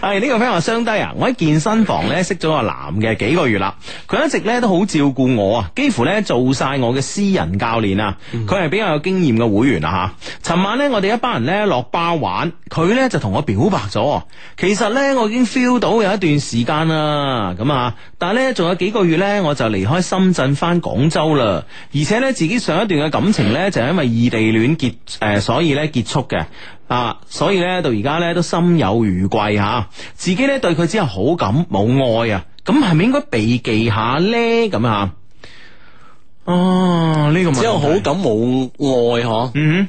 係呢、這個 friend 話相低啊！我喺健身房咧識咗個男嘅幾個月啦，佢一直咧都好照顧我啊，幾乎咧做晒我嘅私人教練啊。佢係比較有經驗嘅會員啊。吓。尋晚呢，我哋一班人咧落巴玩，佢呢就同我表白咗。其實呢，我已經 feel 到有一段時間啦，咁啊，但係呢，仲有幾個月呢，我就離開深圳翻廣州啦，而且呢，自己上一段嘅感情呢，就因為異地戀結誒，所以呢，結束嘅。啊，所以咧到而家咧都心有餘悸吓，自己咧對佢只有好感冇愛啊，咁係咪應該避忌下咧？咁啊，啊、嗯、哼呢個問題只有好感冇愛嗬，嗯，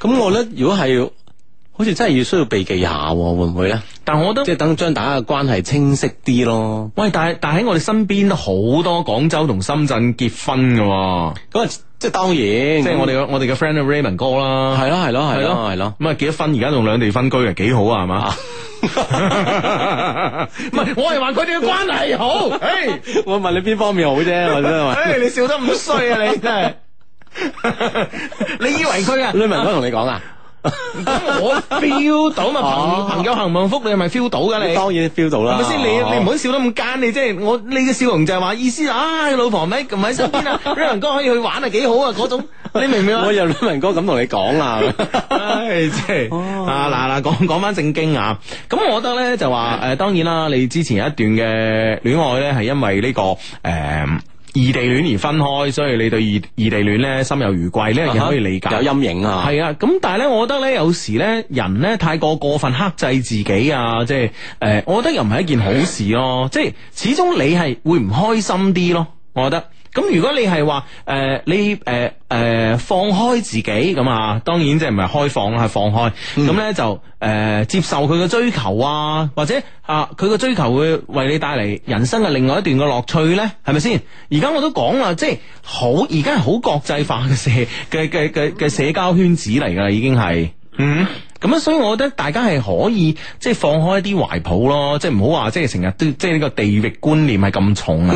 咁我咧如果係，好似真係要需要避忌下，會唔會咧？但我都即係等將大家嘅關係清晰啲咯。喂，但係但係喺我哋身邊都好多廣州同深圳結婚嘅，咁、嗯即係當然，即係我哋嘅、嗯、我哋嘅 friend Raymond 哥啦，係咯係咯係咯係咯，咁啊結咗、啊啊嗯、分而家仲兩地分居啊，幾好啊係嘛？唔係我係話佢哋嘅關係好，誒， hey，我問你邊方面好啫，我真係，誒、 hey，你笑得唔衰啊你真係， 你以為佢啊？Raymond 哥同你講啊。 我 feel 到嘛，朋朋友幸唔幸福你係咪 feel 到噶你？當然 feel 到啦，係咪先？你你唔好笑得咁奸，你即係我你嘅笑容就係話意思啦。唉、哎，老婆咪唔喺身邊啊，李文 哥可以去玩啊，幾好啊，嗰種你明唔明啊？我又李文哥咁同你講啊，唉，即係啊嗱嗱，講講翻正經啊。咁我覺得咧就話誒、呃，當然啦，你之前有一段嘅戀愛咧係因為呢、這個誒。欸異地戀而分開，所以你對異異地戀呢心有餘悸，呢樣嘢可以理解，uh huh。有陰影啊。係啊，咁但係呢，我覺得呢，有時呢，人呢，太過過分克制自己啊，即係誒，我覺得又唔係一件好事咯。即係始終你係會唔開心啲咯，我覺得。咁如果你係話誒你誒誒、呃呃、放開自己咁啊，當然即係唔係開放啦，係放開咁咧、嗯、就誒、呃、接受佢嘅追求啊，或者啊佢嘅追求會為你帶嚟人生嘅另外一段嘅樂趣咧，係咪先？而家我都講啦，即係好而家係好國際化嘅社嘅嘅嘅嘅社交圈子嚟噶啦，已經係嗯。咁啊，所以我覺得大家係可以即係放開一啲懷抱咯，即係唔好話即係成日都即係呢個地域觀念係咁重啊。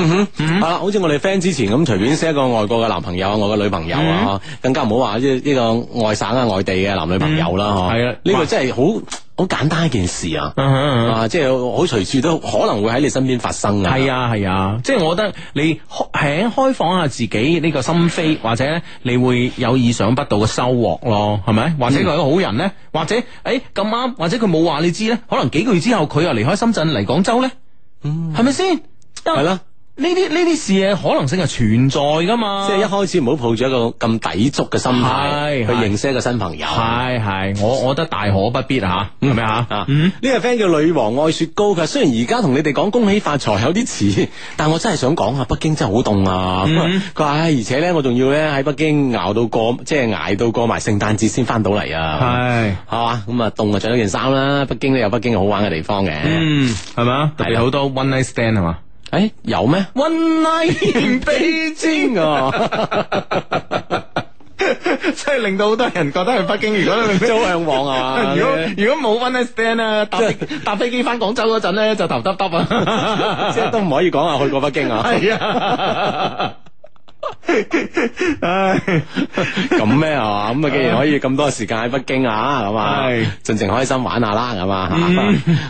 啊，好似我哋 friend 之前咁，隨便 set 一個外國嘅男朋友啊，外國女朋友啊，更加唔好話即係呢個外省啊、外地嘅男女朋友啦。嗬，係啊，呢個真係好好簡單一件事啊。啊，即係好隨處都可能會喺你身邊發生啊。係啊，係啊，即係我覺得你肯開放下自己呢個心扉，或者你會有意想不到嘅收穫咯，係咪？或者佢係個好人咧，或者？誒，咁啱，哎，或者佢冇話你知咧，可能幾個月之後佢又離開深圳嚟廣州咧，嗯，係咪先？係啦，嗯。呢啲呢啲事嘢可能性係存在噶嘛？即係一開始唔好抱住一個咁抵觸嘅心態去認識一個新朋友。係係，我我覺得大可不必吓，係咪、嗯、啊？呢、啊嗯、個 friend 叫女王愛雪糕，佢雖然而家同你哋講恭喜發財有啲似，但我真係想講下北京真係好凍啊！佢話、嗯，而且咧我仲要咧喺北京熬到過，即係挨到過埋聖誕節先翻到嚟啊！係係嘛，咁啊凍啊，着咗件衫啦。北京都有北京好玩嘅地方嘅，嗯，係咪啊？特別好多 one night stand 係嘛。誒，有咩？One Night in Beijing 啊，真係令到好多人覺得去北京如果都好向往啊！如果如果冇 One Night Stand 咧，搭搭飛機翻廣州嗰陣咧，就頭耷耷啊！即係都唔可以講話啊，去過北京啊！唉，咁咩啊？咁啊，既然可以咁多時間喺北京啊，咁啊，盡情開心玩下啦，咁啊，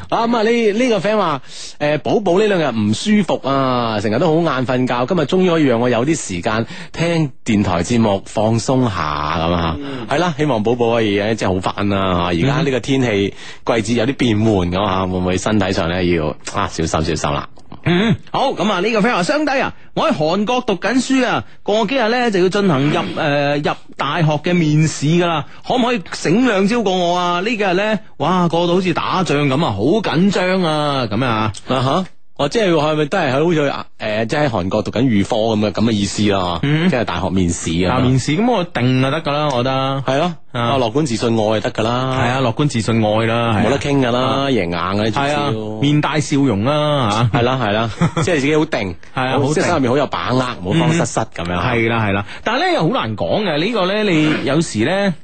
啊咁啊，呢呢個 friend 話誒，寶寶呢兩日唔舒服啊，成日都好晏瞓覺，今日終於可以讓我有啲時間聽電台節目放鬆下，咁啊，係啦，希望寶寶可以真係好返啊。而家呢個天氣季節有啲變換咁啊，會唔會身體上咧要啊小心小心啦？嗯，好，咁啊呢個廢話相低啊，我喺韓國讀緊書啊，過幾日咧就要進行入誒、呃、入大學嘅面試噶啦，可唔可以醒兩招過我啊？呢幾日咧，哇過到好似打仗咁啊，好緊張啊，咁啊，啊哈。哦，即係我係咪都係喺好似誒，即係喺韓國讀緊預科咁嘅咁嘅意思啦，即係大學面試啊面試咁我定就得噶啦，我覺得係咯，樂觀自信愛就得噶啦，係啊，樂觀自信愛啦，冇得傾噶啦，贏硬嘅，係啊，面帶笑容啦，吓，係啦係啦，即係自己好定，係啊，即係心入面好有把握，唔好慌失失咁樣。係啦係啦，但係咧又好難講嘅呢個咧，你有時咧。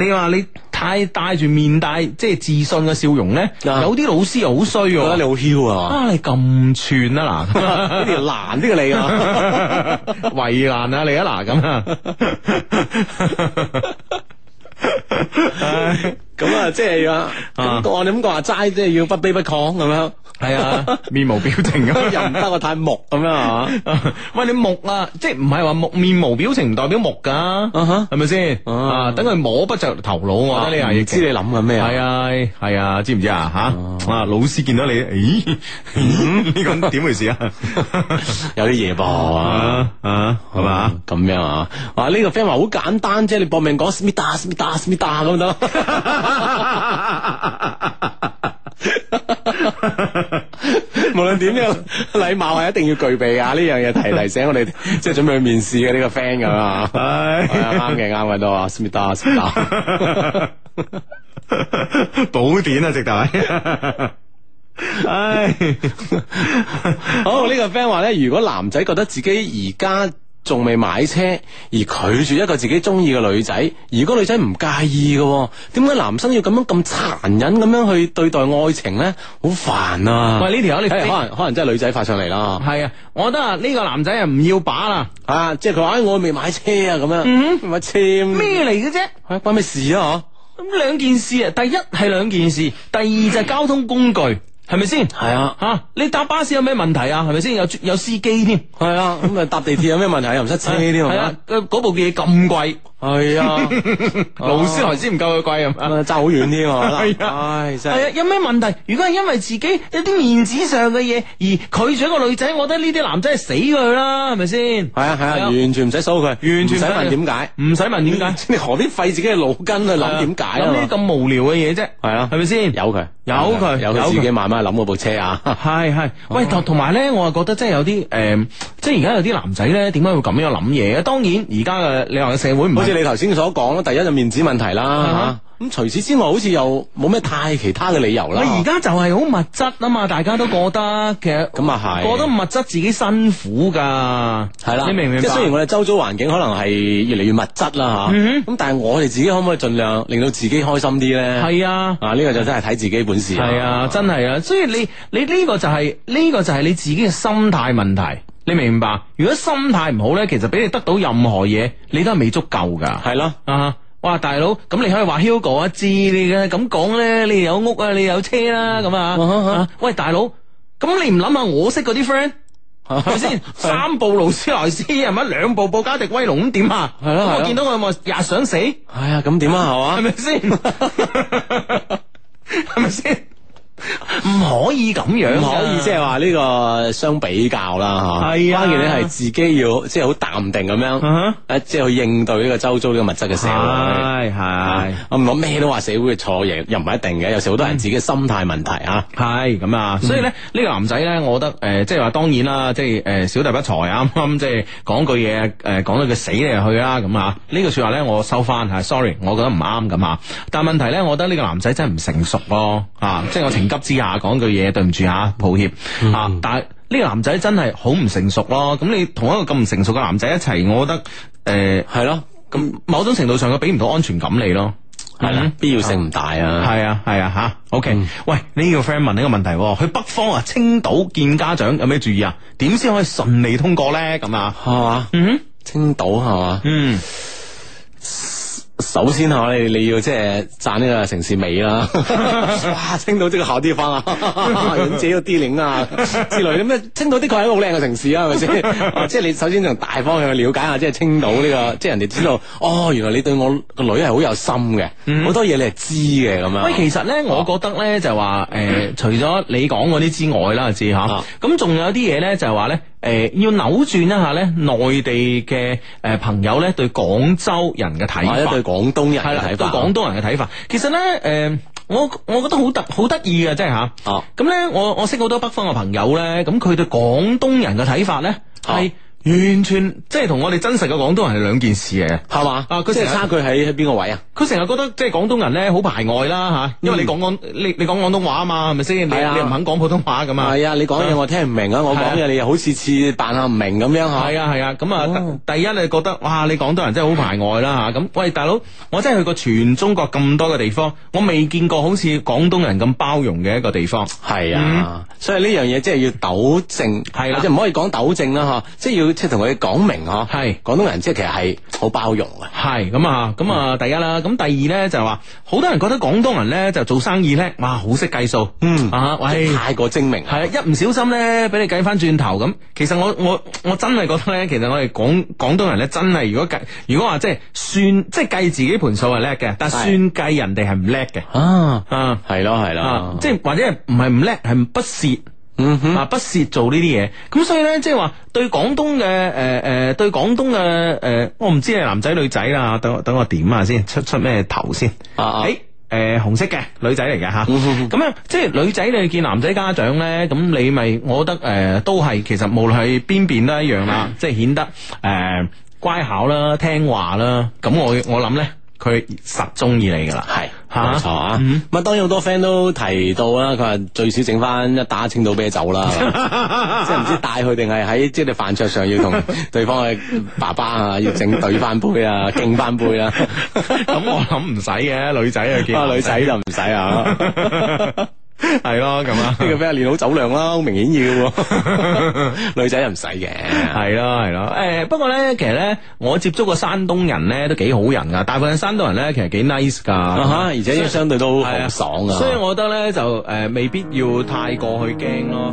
你話你太帶住面帶即係自信嘅笑容咧，對 有啲老師又好衰，我覺得你好囂啊！ 啊，你咁串啊嗱，呢條難啲嘅你，啊，為難啊你啊嗱咁 啊，咁啊即係啊，啊就是、啊我你咁講話齋，即係要不卑不亢咁樣。係啊， 面無表情咁， 又唔得我太木咁樣啊？ 喂，你木啊？即係唔係話木面無表情，唔代表木噶、啊？啊係咪先？啊，等佢摸不着頭腦，我覺得你啊，亦知你諗緊咩啊？係、嗯、啊，係、嗯、啊，知唔知啊？吓，啊，老師見到你，咦？呢個點回事啊？有啲嘢噃啊，係、啊、嘛？咁樣啊？哇、啊，呢、這個 friend 話好簡單啫，你搏命講，咪達，咪達， 咪達咁樣。 無論點樣，禮貌係一定要具備噶。呢樣嘢提提醒我哋，即係準備去面試嘅呢個 friend 咁啊。係啱嘅，啱嘅都啊 smart 啊，smart。寶典 啊，直頭。唉 、哎， 好呢、呢個 friend 話咧，如果男仔覺得自己而家。仲未買車而拒絕一個自己中意嘅女仔，如果女仔唔介意嘅，點解男生要咁樣咁殘忍咁樣去對待愛情咧？好煩啊！喂，呢條、欸、可能可能真係女仔發上嚟啦。係啊，我覺得啊，呢、這個男仔啊唔要把啦，啊，即係佢話我未買車啊，咁樣，唔買車咩嚟嘅啫？係關咩事啊？嗬、啊，咁兩件事啊，第一係兩件事，第二就係交通工具。 係咪先？係啊，吓、啊、你搭巴士有咩問題啊？係咪先？有有司機添。係啊，咁啊搭 地鐵有咩問題？又唔塞車添，係啊？嗰部嘢咁貴。係啊，勞斯萊斯唔夠佢貴，咁啊爭好遠啲喎。係啊，有咩問題？如果係因為自己有啲面子上嘅嘢，而拒絕一個女仔，我覺得呢啲男仔係死佢啦，係咪先？係啊係啊，完全唔使騷佢，完全唔使問點解，唔使問點解，你何必費自己嘅腦筋去諗點解？咁呢啲咁無聊嘅嘢啫。係啊，係咪先？有佢，有佢，有佢自己慢慢諗嗰部車啊。係係，喂，同埋咧，我啊覺得即係有啲誒，即係而家有啲男仔咧，點解會咁樣諗嘢？當然，而家嘅你話嘅社會唔。即係你頭先所講，第一就面子問題啦。咁除此之外，好似又冇咩太其他嘅理由啦。我而家就係好物質啊嘛，大家都覺得其實咁啊係，覺得物質自己辛苦噶，係啦。你明唔明？即係雖然我哋周遭環境可能係越嚟越物質啦吓，咁但係我哋自己可唔可以盡量令到自己開心啲咧？係啊，啊呢個就真係睇自己本事。係啊，真係啊，所以你你呢個就係呢個就係你自己嘅心態問題。你明唔明白？如果心態唔好咧，其實俾你得到任何嘢，你都係未足夠噶。係咯，啊！哇，大佬，咁你可以話 Hugo 啊，知你嘅咁講咧，你有屋啊，你有車啦，咁啊，喂，大佬，咁你唔諗下我識嗰啲 friend 係咪先？三部勞斯萊斯係咪？兩部布加迪威龍咁點啊？係咯係。我見到我咪日想死。係啊，咁點啊，係嘛？係咪先？係咪先？唔可以咁樣，唔可以即係話呢個相比較啦，吓，係啊。當然你係自己要即係好淡定咁樣，即係去應對呢個周遭呢個物質嘅社會，係係我唔好咩都話社會嘅錯嘢，又唔係一定嘅。有時好多人自己嘅心態問題啊。係咁啊。嗯、所以咧呢、這個男仔咧，我覺得誒，即係話當然啦，即係誒小弟不才啱啱，即係講句嘢誒，講到佢死你去啦咁啊。就是句呃句嗯、句呢句說話咧，我收翻吓、嗯、 ，sorry，我覺得唔啱咁啊。但係問題咧，我覺得呢個男仔真係唔成熟咯，呃嗯嗯、啊，即係我情急。之下講句嘢，對唔住吓，抱歉吓、嗯啊。但係呢個男仔真係好唔成熟咯。咁你同一個咁唔成熟嘅男仔一齊，我覺得誒係咯。咁、呃、的某種程度上佢俾唔到安全感你咯，係咯、嗯，的必要性唔大啊。係啊，係啊，吓、嗯啊。OK，喂，呢個 friend 問呢個問題，去北方啊，青島見家長有咩注意啊？點先可以順利通過咧？咁啊，係嘛，嗯，青島係嘛，嗯。首先啊，你你要即係贊呢個城市美啦。 哇，青島即係好地方、 Link、啊，影自己個地靈啊之類咁咩。青島的確係一個好靚嘅城市啊，係咪先？即係你首先從大方向去了解下，即係青島呢、這個，即係人哋知道哦。原來你對我個女係好有心嘅，好、嗯、多嘢你係知嘅咁樣。喂、嗯，其實咧，我覺得咧就話誒，呃嗯、除咗你講嗰啲之外啦，我知吓。咁仲、嗯、有啲嘢咧，就係話咧。誒、呃，要扭轉一下咧，內地嘅誒朋友咧對廣州人嘅睇法，哎、對廣東人係啦，對廣東人嘅睇法。 其實咧，誒、呃，我我覺得好得好得意嘅，即係吓。哦，咁咧、啊，我我識好多北方嘅朋友咧，咁佢對廣東人嘅睇法咧係。啊完全即係同我哋真實嘅廣東人係兩件事嚟嘅，係嘛吧？啊，佢成日差距喺喺邊個位啊？佢成日覺得即係廣東人咧好排外啦嚇，因為你講廣、嗯、你你講廣東話啊嘛，係咪先？係你唔肯講普通話㗎嘛？係啊，你講嘢我聽唔明啊，我講嘢你又好似似扮下唔明咁樣嚇。啊係啊，咁啊第一你覺得哇，你廣東人真係好排外啦嚇。咁、啊、喂，大佬，我真係去過全中國咁多嘅地方，我未見過好似廣東人咁包容嘅一個地方。係是啊、嗯，所以呢樣嘢即係要糾正，係即係唔可以講糾正啦嚇，即、啊、係、就是、要。即係同佢講明嗬，係廣是東人，即係其實係好包容嘅。係咁啊，咁啊，第一啦，咁第二咧就係、是、話，好多人覺得廣東人咧就做生意叻，哇，好識計數，嗯啊，或太過精明，係一唔小心咧，俾你計翻轉頭咁。其實我我我真係覺得咧，其實我哋廣廣東人咧，真係如果計，如果話即係算，即係計自己盤數係叻嘅，但係算計人哋係唔叻嘅。啊的啊，係咯係咯，即係或者係唔係唔叻，係不屑。嗯哼，啊不屑做呢啲嘢，咁所以咧，即係話對廣東嘅誒誒，對廣東嘅誒、呃，我唔知你係男仔女仔啦，等我等我點啊先，出出咩頭先？啊，啊，誒誒、欸呃，紅色嘅女仔嚟嘅吓，咁樣即係女仔你見男仔家長咧，咁你咪，我覺得誒、呃、都係，其實無論係邊邊都一樣啦，即係顯得誒、呃、乖巧啦，聽話啦，咁我我諗咧。佢實中意你噶啦，係冇錯啊。咁啊，嗯、當然好多 friend 都提到啦，佢話最少整翻一打青島啤酒啦，即係唔知帶佢定係喺即係你飯桌上要同對方嘅爸爸啊， 要整對翻杯啊， 敬翻杯啊。咁、 嗯、我諗唔使嘅，女仔啊，敬 女仔就唔使啊。 係咯，咁啊， 呢個比較練好酒量咯，明顯要。 女仔又唔使嘅，係咯係咯。誒、欸，不過咧，其實咧，我接觸過山東人咧都幾好人噶，大部分山東人咧其實幾 nice 噶，吓、啊，而且相對都好爽啊。所以我覺得咧就誒、呃，未必要太過去驚咯。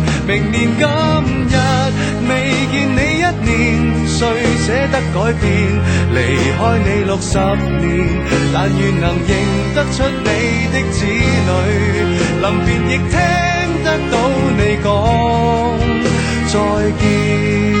明年今日未見你一年，誰捨得改變？離開你六十年，但願能認得出你的子女，臨別亦聽得到你講再見。